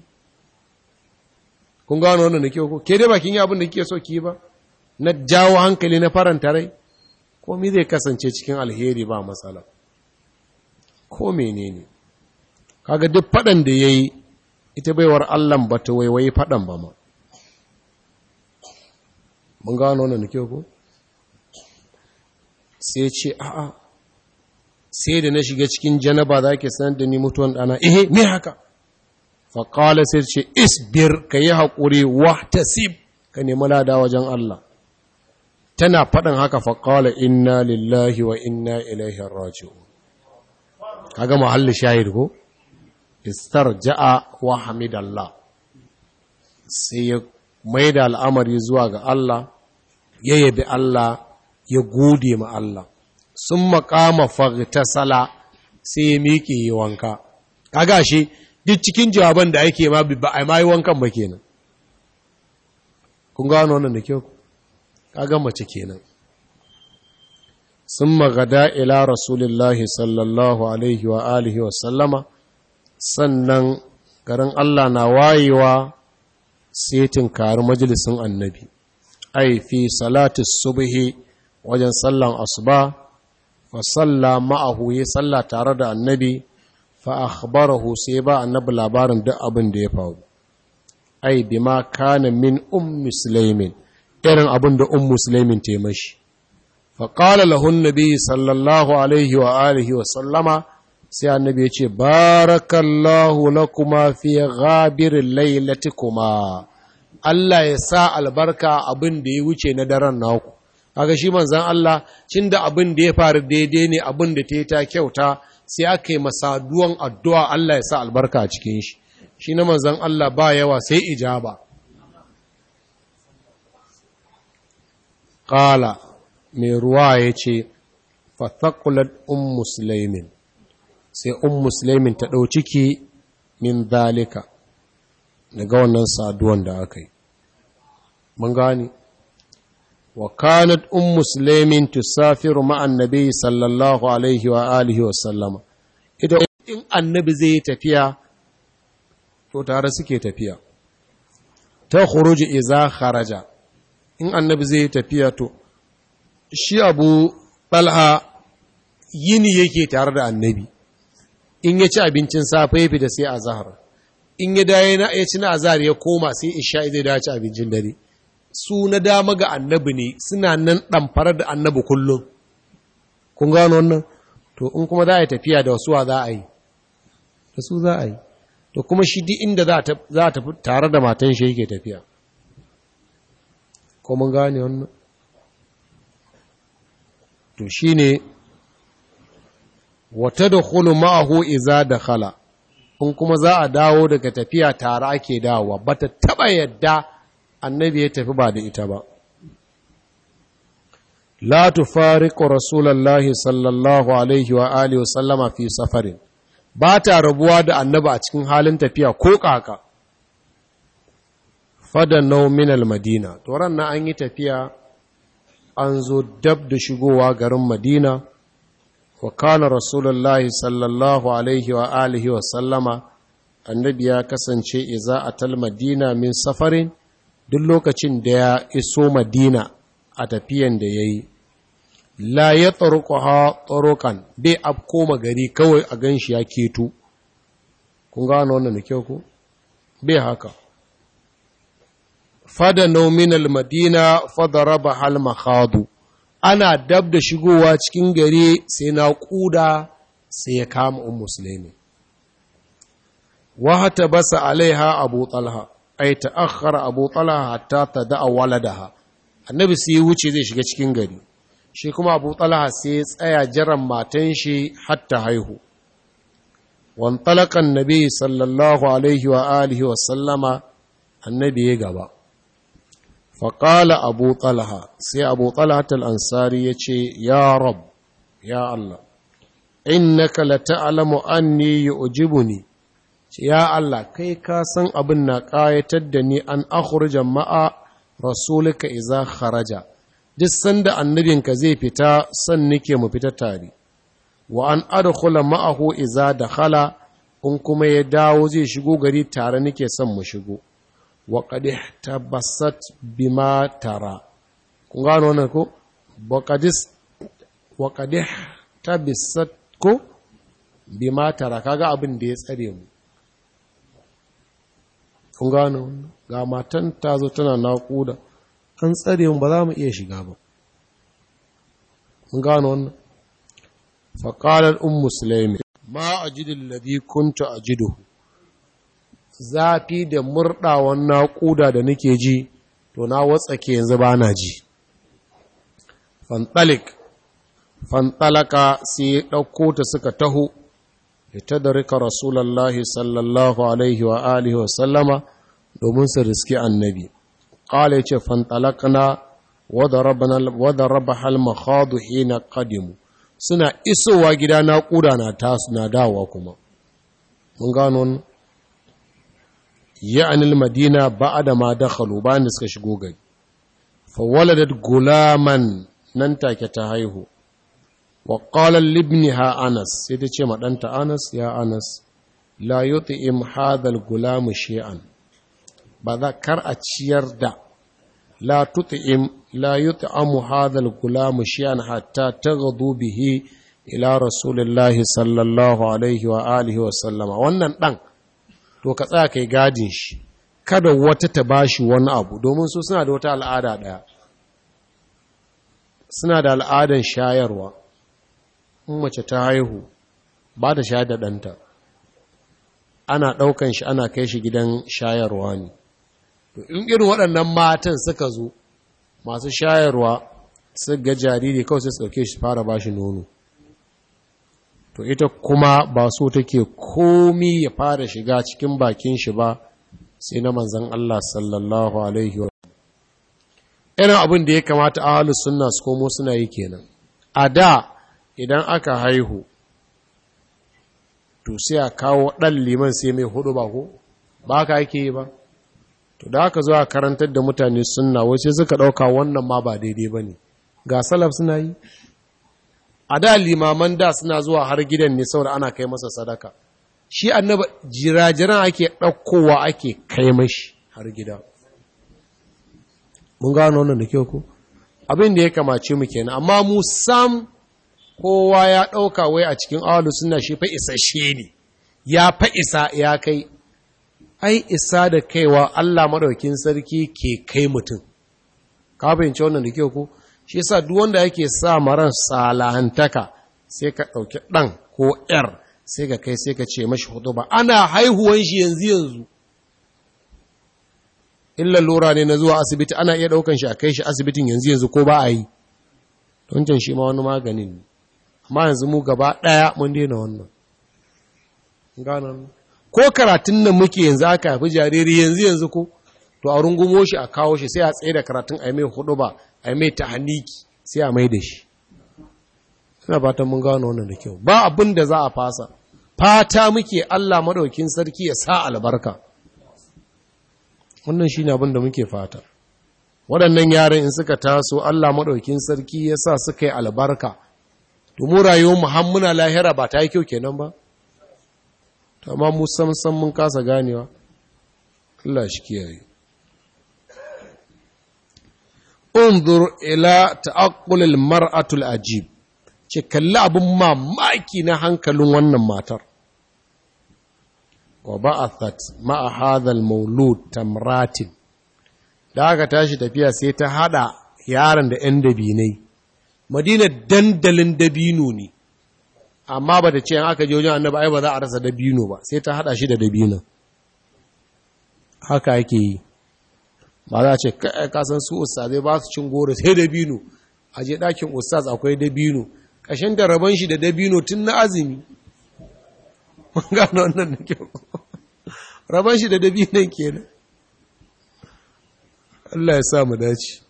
kun gano wannan da kyau ko ke dai ba kin yi abin da kike so ki yi ba na jawo hankali na faranta rai komi zai kasance cikin alheri ba matsala ko ne, kaga duk fadan da ya yi ita baiwar Allah ba ta waiwayi fadan ba ma mun gano wannan nake ko sai ce a'a sai da na shiga cikin janaba za ke sanar da ni mutuwan ɗana, eh me haka faƙala sai ce isbir kayi hakuri sib ka nemi lada wajen Allah tana faɗin haka faƙala inna lillahi wa inna ilaihi Ka kaga muhalli shahid ko ja'a wa hamidallah sai ya da al'amari zuwa ga Allah ya yabi Allah ya gode ma Allah sun makama sala sai ya miƙe yi wanka kaga shi duk cikin jawaban da ake ma ba a yi wankan ba kenan kun gano wannan da kyau Ka ga mace kenan sun magada ila rasulullahi sallallahu alaihi wa alihi wa sallama sannan garin Allah na wayewa sai karu majalisun annabi ai fi salati subhi wajen sallan asuba fa salla ma'ahu ya salla tare da annabi fa akhbarahu sai ba annabi labarin duk abin da ya faru ai bima kana min ummi sulaimin irin abin da un musulmin taimashi faƙala lahun nabi sallallahu alaihi wa alihi wa sallama sai annabi ya ce barakallahu lakuma fi ghabirin lailati kuma Allah ya sa albarka abin da ya wuce na daren naku kaga shi manzon Allah cin da abin da ya faru daidai ne abin da ta yi ta kyauta sai aka yi masaduwan addu'a Allah ya sa albarka a cikin shi shi na manzon Allah ba yawa sai ijaba ƙala mai ruwa ya ce fathakulat un musulmin sai un musulmin ta ɗau ciki min dalika daga wannan saduwan da aka yi mun gani wa kanat un musulmin tusafiru ma'an sallallahu alaihi wa alihi wa sallama ita in annabi zai yi tafiya to tare suke tafiya ta khuruji iza kharaja in annabi zai yi tafiya to shi abu ɓalha yini yake tare da annabi in ya ci abincin safe fi da sai a zahar in ya daya na ya ci na azhar ya koma sai isha zai dace abincin dare su na dama ga annabi ne suna nan fara da annabi kullum kun gano wannan to in kuma za a yi tafiya da wasu za a yi da su za a yi to kuma shi duk inda za a tafi tare da matan shi yake tafiya ko mun gane wannan to shine wata da hulu ma'ahu iza da khala in kuma za a dawo daga tafiya tare ake dawowa ba ta taɓa yadda annabi ya tafi ba da ita ba la tufariqu rasulullahi sallallahu alaihi wa alihi wa sallama fi safarin ba ta rabuwa da annabi a cikin halin tafiya ko kaka fadanau minal madina to ran na an yi tafiya an zo dab da shigowa garin madina wa kana rasulullahi sallallahu alaihi wa alihi wa sallama annabi ya kasance iza atal madina min safarin duk lokacin da ya iso madina a tafiyan da ya yi la ya ha tsarukan bai afko gari kawai a ganshi ya keto kun gano wannan da kyau ku bai haka fadano min almadina fadaraba hal makhadu ana dab da shigowa cikin gari sai na kuda sai ya kama un wa wahata basa alaiha abu talha ai ta'akhkhara abu talha hatta tada'a waladaha annabi sai wuce zai shiga cikin gari shi kuma abu talha sai ya tsaya jiran matan shi hatta haihu wantalakan nabi sallallahu alaihi wa alihi wa sallama annabi ya gaba faƙala abu talha sai abu talha ansari ya ce ya rab ya Allah innaka la ta'lamu anni yu'jibuni ya Allah kai ka san abin na ƙayatar da ni an akhruja ma'a rasulika iza kharaja duk sanda annabinka zai fita san nake mu fita tare wa an adkhula ma'ahu iza dakhala in kuma ya dawo zai shigo gari tare nake son mu shigo wa qadih bi bima tara kun gano wannan ko wa qadis wa qadih ko bima tara kaga abin da ya tsare mu kun gano ga matan ta zo tana naƙuda an tsare mu ba za mu iya shiga ba kun gano wannan faƙalar um musulmi ma ladi alladhi kuntu ajiduhu zafi da murɗawan naƙuda da nake ji to na watsake yanzu ba na ji fantalik fantalaka sai ɗauko ta suka taho rika rasulallahi sallallahu alaihi wa alihi wa sallama domin su riski annabi qala ce fantalakna wa darabna wa darabaha hina kadimu suna isowa gida na kuda na tasu na dawa kuma mun gano ya'anil madina da ma dakhalu bayan da suka shigo gari fa waladat gulaman nan take ta haihu wa qala libniha anas sai ta ce ma danta anas ya anas la yut'im hadha al-gulam shay'an ba za kar a ciyar da la tut'im la yut'amu hadha al-gulam shay'an hatta taghdu bihi ila rasulillahi sallallahu alaihi wa alihi wa sallama wannan dan to ka tsaya kai gadin shi kada wata ta bashi wani abu domin su suna da wata al'ada ɗaya. suna da al'adan shayarwa in mace ta haihu ba ta shayar da ɗanta ana ɗaukan shi ana kai shi gidan shayarwa ne to in irin waɗannan matan suka zo masu shayarwa su ga jariri kawai sai su ɗauke shi fara ba shi nono to ita kuma ba so take komi ya fara shiga cikin bakin shi ba sai na manzan Allah sallallahu alaihi wa ina abin da ya kamata a ahlus sunna su komo suna yi kenan a da idan aka haihu to sai a kawo ɗan liman sai mai hudu ba ko ba ka ake yi ba to da aka zo a karantar da mutane sunna wasu suka ɗauka wannan ma ba daidai ba ne ga salaf suna yi a da limaman da suna zuwa har gidan ne saboda ana kai masa sadaka shi annaba jirajiran ake ɗaukowa ake kai mashi har gida mun gano wannan da kyau ko abin da ya kamace mu kenan amma mu sam kowa ya ɗauka wai a cikin awalu suna shi fa isashe ne ya fa isa ya kai ai isa da kaiwa Allah maɗaukin sarki ke kai mutum ka fahimci wannan da kyau ko shi yasa duk wanda yake sa maran salahantaka sai ka ɗauki ɗan ko ‘yar sai ka kai sai ka ce mashi hudu ba ana haihuwan shi yanzu yanzu illa lura ne na zuwa asibiti ana iya ɗaukan shi a kai shi asibitin yanzu yanzu ko ba a yi tuncin shi ma wani maganin ne amma yanzu mu gaba ɗaya mun daina wannan ganan ko karatun nan muke yanzu aka haifi jariri yanzu yanzu ko to a rungumo shi a kawo shi sai a tsaye da karatun a mai hudu ba a mai ta haniki sai a mai da shi suna fatan mun gano wannan da kyau ba abin da za a fasa fata muke Allah maɗaukin sarki ya sa albarka wannan shi ne abin da muke fata waɗannan yaran in suka taso Allah maɗaukin sarki ya sa suka yi albarka domin rayuwar muhammuna lahira ba ta yi kyau kenan ba amma mu san-san mun kasa ganewa Allah shi kiyaye unzur ila ta'aqqulil mar'atul ajib ce kalli abin mamaki na hankalin wannan matar wa ba'athat ma'a hadhal maulud tamratin da aka tashi tafiya sai ta hada yaron da 'yan dabinai madina dandalin dabino ne amma ba ta ce an aka je wajen annabi ai ba za a rasa dabino ba sai ta hada shi da dabino haka ake yi ba za a ce kasan su ustazai ba su cin goro sai dabino a je ɗakin ustaz akwai dabino ƙashin da rabon shi da dabino tun na azumi mun gano wannan da kyau rabon shi da ke nan. Allah ya sa mu dace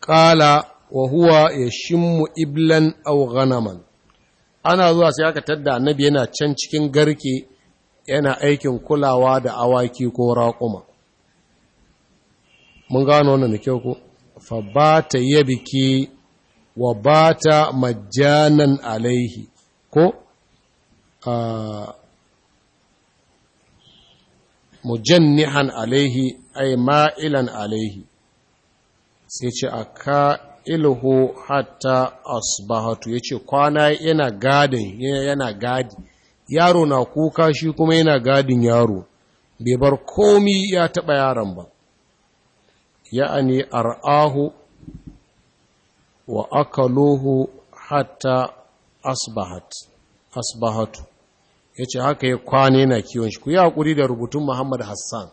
Ƙala wa huwa shimmu iblan au ghanaman ana zuwa sai aka tadda annabi yana can cikin garke yana aikin kulawa da awaki ko raƙuma mun gano wannan da kyau ko fa ba bata yabki wa ba ta majanan alaihi ko mujannihan alaihi ay ma'ilan alaihi sai ce aka ilhu hatta asbahatu yace kwana yana gadin yana gadi yaro na kuka shi kuma yana gadin yaro bai bar komi ya taɓa yaron ba ya'ani أرآه wa akaluhu أصبحت أصبحت yace haka ya kwane na kiwon shi ku yi hakuri da rubutun Muhammad Hassan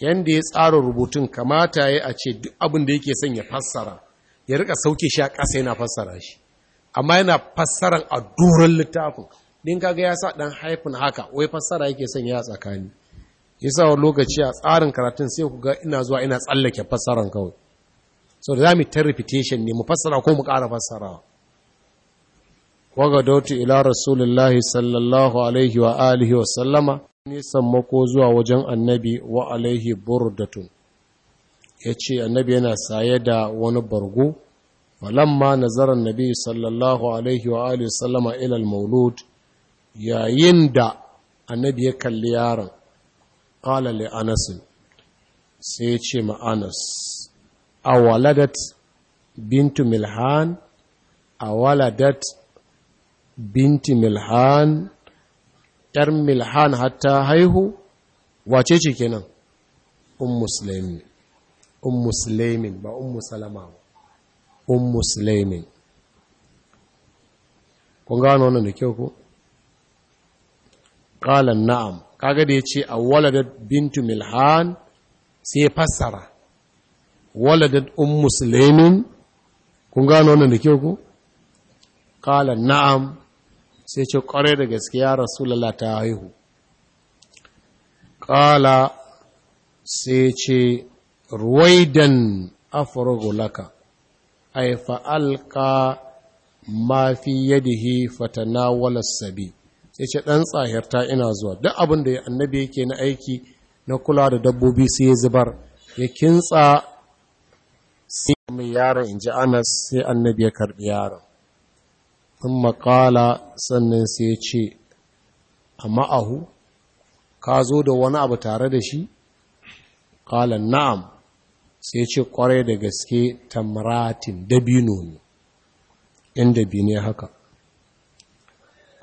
yanda ya tsara rubutun kamata ya a ce duk abin da yake son ya fassara ya rika sauke shi a ƙasa yana fassara shi amma yana fassaran a doron littafin din kaga ya sa dan haifin haka wai fassara yake son ya tsakani yasa wa lokaci a tsarin karatun sai ku ga ina zuwa ina tsallake fassaran kawai so da mu ta repetition ne mu fassara ko mu ƙara fassarawa ga dautu ila rasulullahi sallallahu alaihi wa alihi wa sallama nisan mako zuwa wajen annabi wa alaihi burdatun ya ce annabi yana saye da wani bargo walamma nazaran nabi sallallahu alaihi wa alihi sallama ilal maulud yayin da annabi ya kalli yaron faƙala li anasin sai ya ce ma'anas a waladat bintu milhan a waladat Bintu milhan ‘yar milhan hatta haihu wace ce kenan un musulmi un musulmin ba un musulama ba un musulmin kun gano wannan da kyau ku? ƙalan na'am kaga da ya ce a waladar bintu milhan sai ya fassara waladar un musulmin kun gano wannan da kyau ku kala na'am sai ce kware da gaskiya rasu ta haihu kala sai ce ruwaidan afrogulaka yi fa'alka ma fi yadihi wala sabi ya ce ɗan tsayarta ina zuwa duk abin da annabi yake na aiki na kula da dabbobi sai ya zubar ya kintsa sai mai yaron in ji anas sai annabi ya karbi yaron in makala sannan sai ya ce a ma'ahu ka zo da wani abu tare da shi ƙalan na'am sai ce ƙwarai da gaske tamratin dabino ne yan ne haka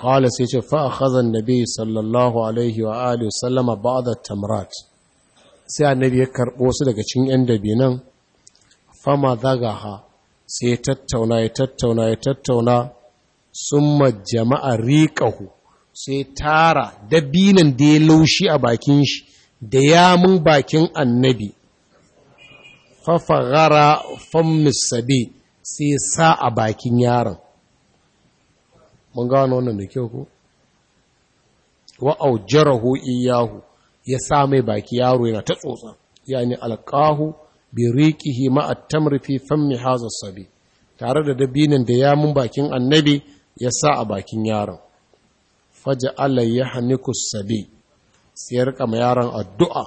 qala ya ce fa akhadha annabi sallallahu alaihi wa alihi sallama ba'da tamrat sai annabi ya karbo wasu daga cikin yan dabinan fama zagaha sai ya tattauna ya tattauna ya tattauna summa jama'a rikahu, sai tara dabinan da ya laushi a bakin shi da yamun bakin annabi fafagara fammisabi sai sa a bakin yaron mun gano wannan da kyau ko wa aujarahu iyahu ya sa mai baki yaro yana ta tsotsa yani alqahu bi riqihi ma at-tamri fi fammi hadha sabi tare da dabinin da ya mun bakin annabi ya sa a bakin yaron faja'ala yahniku sabi sai ya rika ma yaron addu'a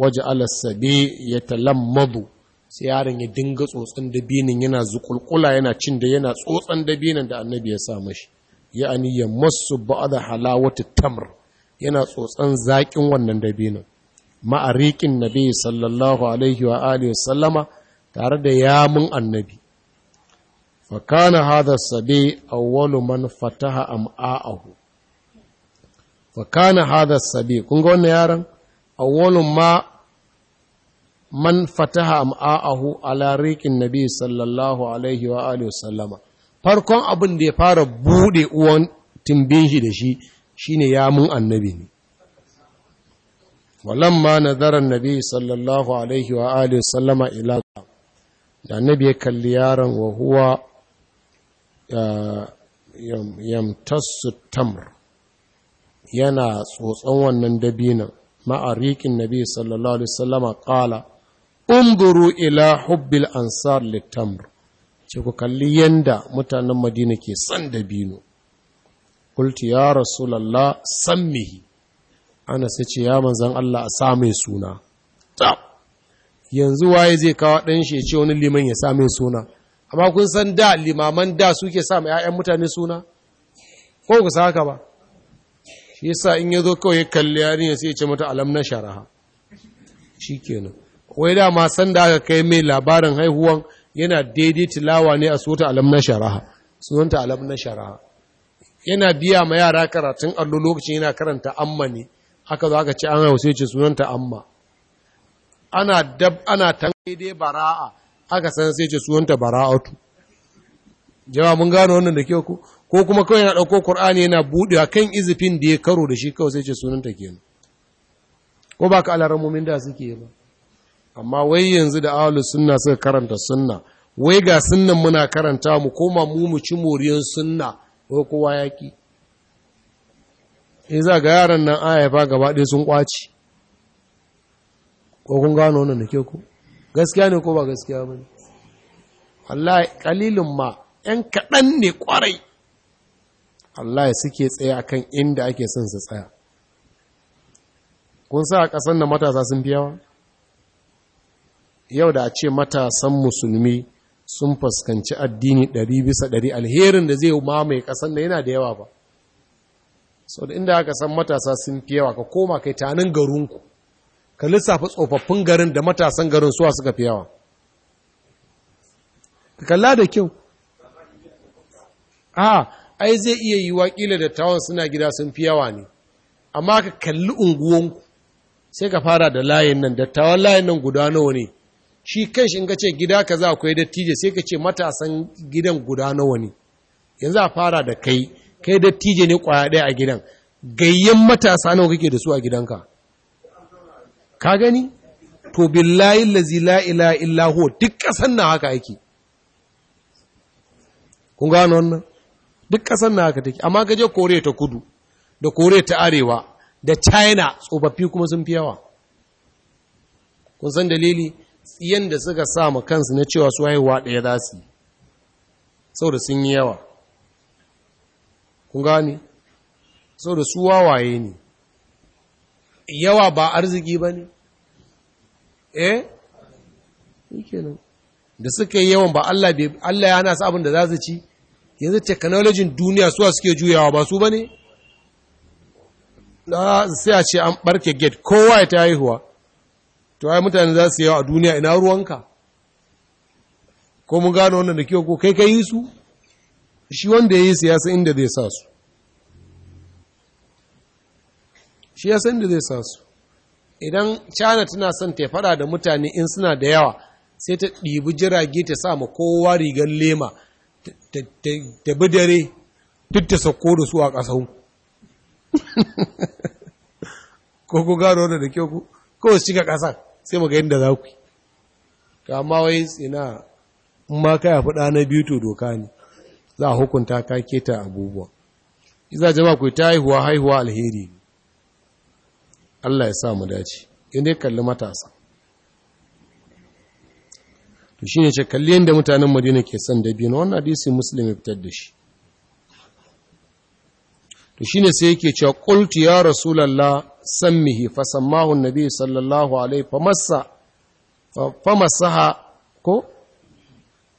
waja'ala sabi yatalammadu sai yaron ya dinga tsotsin dabinin yana zukulkula yana cin da yana tsotsan dabinin da annabi ya sa mashi ya'ani ya masu ba'da halawata tamr yana tsotsan zaƙin wannan dabinin ma'arikin nabi sallallahu alaihi wa alihi sallama tare da yamun annabi fa kana hadha sabi awwalu man fataha am'a'ahu fa kana hadha sabi kun ga wannan yaron awwalu ma man fataha ma'ahu ala rikin nabi sallallahu alaihi wa alihi sallama farkon abin da ya fara bude uwan timbin shi da shi shine ya mun annabi ne walamma nazara nabi sallallahu alaihi wa alihi sallama ila da nabi ya kalli yaron wa huwa yamtassu tamr yana tsotson wannan dabinan ma'arikin rikin nabi sallallahu alaihi wasallama qala umburu ila hubbil ansar littamr ce ku kalli yanda mutanen madina ke san dabino kulti ya rasulallah sammihi ana sai ce ya manzan Allah a samun suna yanzu waye zai kawo ɗan shi ce wani liman ya samun suna amma kun san da limaman da suke sa ma 'ya'yan mutane suna ko ku sa haka ba shi yasa in ya zo kawai kalli yarinya sai ya ce mata alam na sharaha shikenan wai dama san da aka kai mai labarin haihuwan yana daidai tilawa ne a sota alam na sharaha sunanta alam na shara'a yana biya ma yara karatun allo lokacin yana karanta amma ne haka za ka ci an hau sai ce sunanta amma ana dab ana tan daidai bara'a haka san sai ce sunanta bara'atu jama'a mun gano wannan da kyau ko ko kuma kawai yana ɗauko qur'ani yana buɗewa kan izifin da ya karo da shi kawai sai ce sunanta kenan ko ba ka min da suke yi ba amma wai yanzu da ahlus sunna suka karanta sunna wai ga sunnan muna karanta mu koma mu mu ci moriyan sunna wai kowa yaki eh za ga yaran nan ayyafa gaba ɗaya sun kwaci ko kun gano wannan da ke ku gaskiya ne ko ba gaskiya bane wallahi kalilin ma yan kaɗan ne kwarai wallahi suke tsaye akan inda ake son su tsaya kun sa a ƙasar da matasa sun fi yawa yau da a ce matasan musulmi sun fuskanci addini ɗari bisa ɗari alherin da zai mamaye kasan da yana da yawa ba sau da inda aka san matasa sun fi yawa ka koma kai tanin garinku ka lissafa tsofaffin garin da matasan garin suwa suka fi yawa ka kalla da kyau a ai zai iya yi wakila da tawon suna gida sun fi yawa ne amma ka kalli unguwanku sai ka fara da layin nan dattawan layin nan guda nawa ne shi kanshi in ka ce gida ka kaza kwaye dattijo sai ka ce matasan gidan guda nawa ne yanzu a fara da kai kai dattijo ne kwaya ɗaya a gidan gayyen matasa nawa kake da su a gidanka ka gani to billahi allazi la ilaha illa duk kasan na haka yake kun gano wannan duk kasan na haka take amma gaje Korea ta kudu da Korea ta arewa da China tsofaffi kuma sun fi yawa kun san dalili tsiyan da suka sa ma kansu na cewa su haihuwa ɗaya za su yi, sau da sun yi yawa kun gani sau da su wawaye ne yawa ba arziki ba ne eh nan da suka yi yawan ba Allah Allah ya nasu abin da za su ci yanzu teknolojin duniya suwa suke juyawa ba su ba ne sai a ce an barke gate kowa ya ta haihuwa to ai mutane za su yawa a duniya ina ruwanka ko mun gano wannan da kyau ko kai kai su shi wanda ya yi su ya san inda zai sa su shi ya san inda zai sa su idan china tana son ta fada da mutane in suna da yawa sai ta ɗibi jirage ta sa ma kowa rigar lema ta bi dare duk ta sauko da su a ƙasau ko ku gano da kyau ku kawai shiga ƙasar sai mu ga yadda za ku yi to amma wai tsina in ma ka yafi ɗana biyu to doka ne za a hukunta ka keta abubuwa iza jama ku ta haihuwa haihuwa alheri Allah ya sa mu dace inda kalli matasa to ne ce kalli yadda mutanen Madina ke son dabino wannan hadisi musulmi ya fitar da shi to shi ne sai yake cewa qultu ya rasulallah النبي صلى الله sallallahu alaihi فمسها كو ko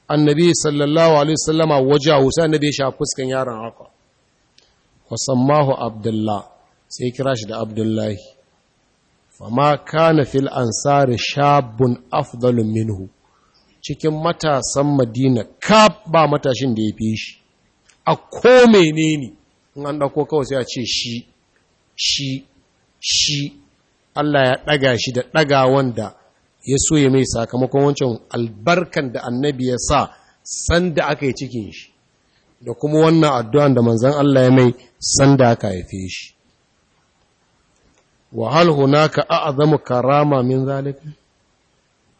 صلى sallallahu alaihi وسلم وجهه sai النبي شا فسكن fuskan yaron haka عبد الله sai كراش shi da abdullahi فما kana fil ansari شاب افضل minhu cikin matasan madina kaf ba matashin da ya fi shi a ko menene in an ɗauko kawai sai a ce shi shi shi Allah ya ɗaga shi da ɗaga wanda ya so ya mai sakamakon wancan albarkan da annabi ya sa sanda aka yi cikin shi da kuma wannan addu'an da manzan Allah ya mai sanda aka haife shi wahal hunaka a'azamu karama min zalika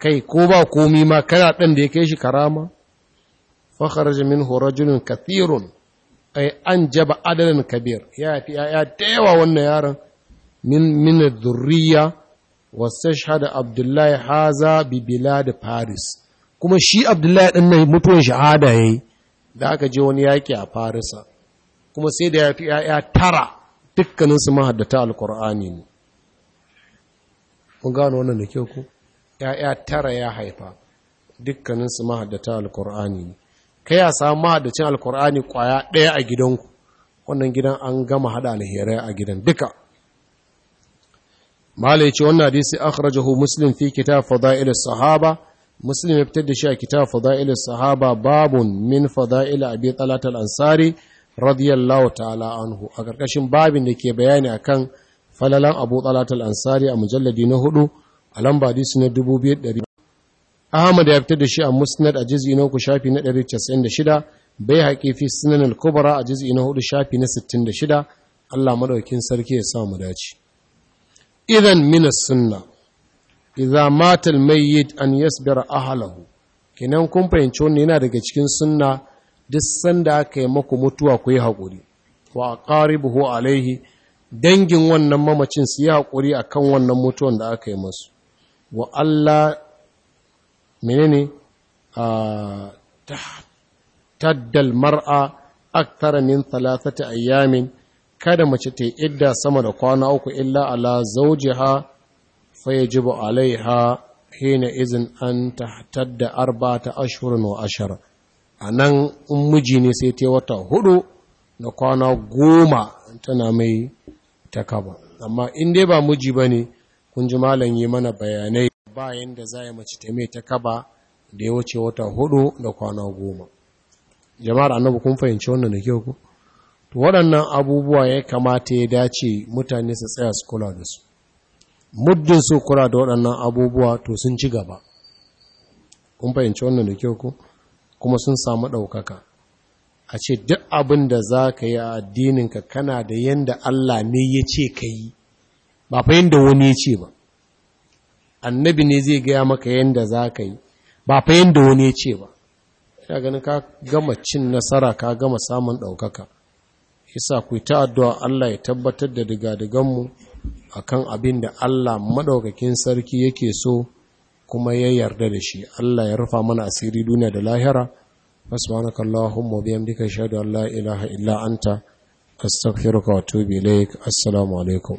kai ko ba komi ma kana ɗan da ya kai shi karama fakharaja jimin rajulun kathirun an jaba adalin kabir ya fi ya ta yawa wannan yaron min min dhurriya wastashhad abdullahi haza bi da paris kuma shi abdullahi din nan mutuwan shahada yayi da aka je wani yaki a farisa kuma sai da ya tara dukkanin su mahaddata alqur'ani ne kun gano wannan da kyau ku yaya tara ya haifa dukkanin su mahaddata alqur'ani ne kai ya da mahaddacin alkur'ani kwaya ɗaya a gidanku wannan gidan an gama hada alherai a gidan duka mala ce wannan hadisi akhrajahu muslim fi kitab fada'il sahaba muslim ya fitar da shi a kitab fada'il sahaba babun min fada'il abi talat al-ansari radiyallahu ta'ala anhu a karkashin babin da ke bayani akan falalan abu talat al-ansari a mujalladi na hudu a lamba hadisi na 2200 Ahmad ya fitar da shi a Musnad a juz'i na 3 shafi na 196 bai haƙi fi sunan al-kubra a juz'i na 4 shafi na 66 Allah madaukakin sarki ya sa mu dace idan من sunna idza مات الميت an yasbira ahlahu kenan kun fahimci wannan yana daga cikin sunna duk sanda aka yi maku mutuwa ku yi haƙuri wa aqaribuhu alaihi dangin wannan mamacin su yi haƙuri akan wannan mutuwan da aka yi masu wa Allah menene a taddal mar'a akthara min thalathati ayyamin kada mace ta yi idda sama da kwana uku illa ala zawjiha fa yajibu alaiha hina izin an arba ta ashirin wa ashara anan in miji ne sai ta wata hudu da kwana goma tana mai takaba amma in dai ba miji ne, kun ji malam yi mana bayanai bayan da za a yi mace ta mai takaba da ya wuce wata hudu da kwana goma jama'ar annabi kun fahimci wannan da kyau ku waɗannan abubuwa ya kamata ya dace mutane su tsaya su kula da su muddin su kula da waɗannan abubuwa to sun ci gaba kun fahimci wannan da kyau ko kuma sun samu ɗaukaka a ce duk abin da za ka yi a addininka kana da yadda Allah ne ya ce ka yi ba fa yadda wani ya ce ba annabi ne zai gaya maka yadda za ka yi ba fa yadda wani ya ce ba ya ganin ka gama cin nasara ka gama samun ɗaukaka isa ku ta addu'a Allah ya tabbatar da diga a kan abin da Allah madaukakin sarki yake so kuma ya yarda da shi Allah ya rufa mana asiri duniya da lahira subhanaka allahumma bihamdika ashhadu shaidu Allah ilaha illa anta astaghfiruka wa atubu assalamu alaikum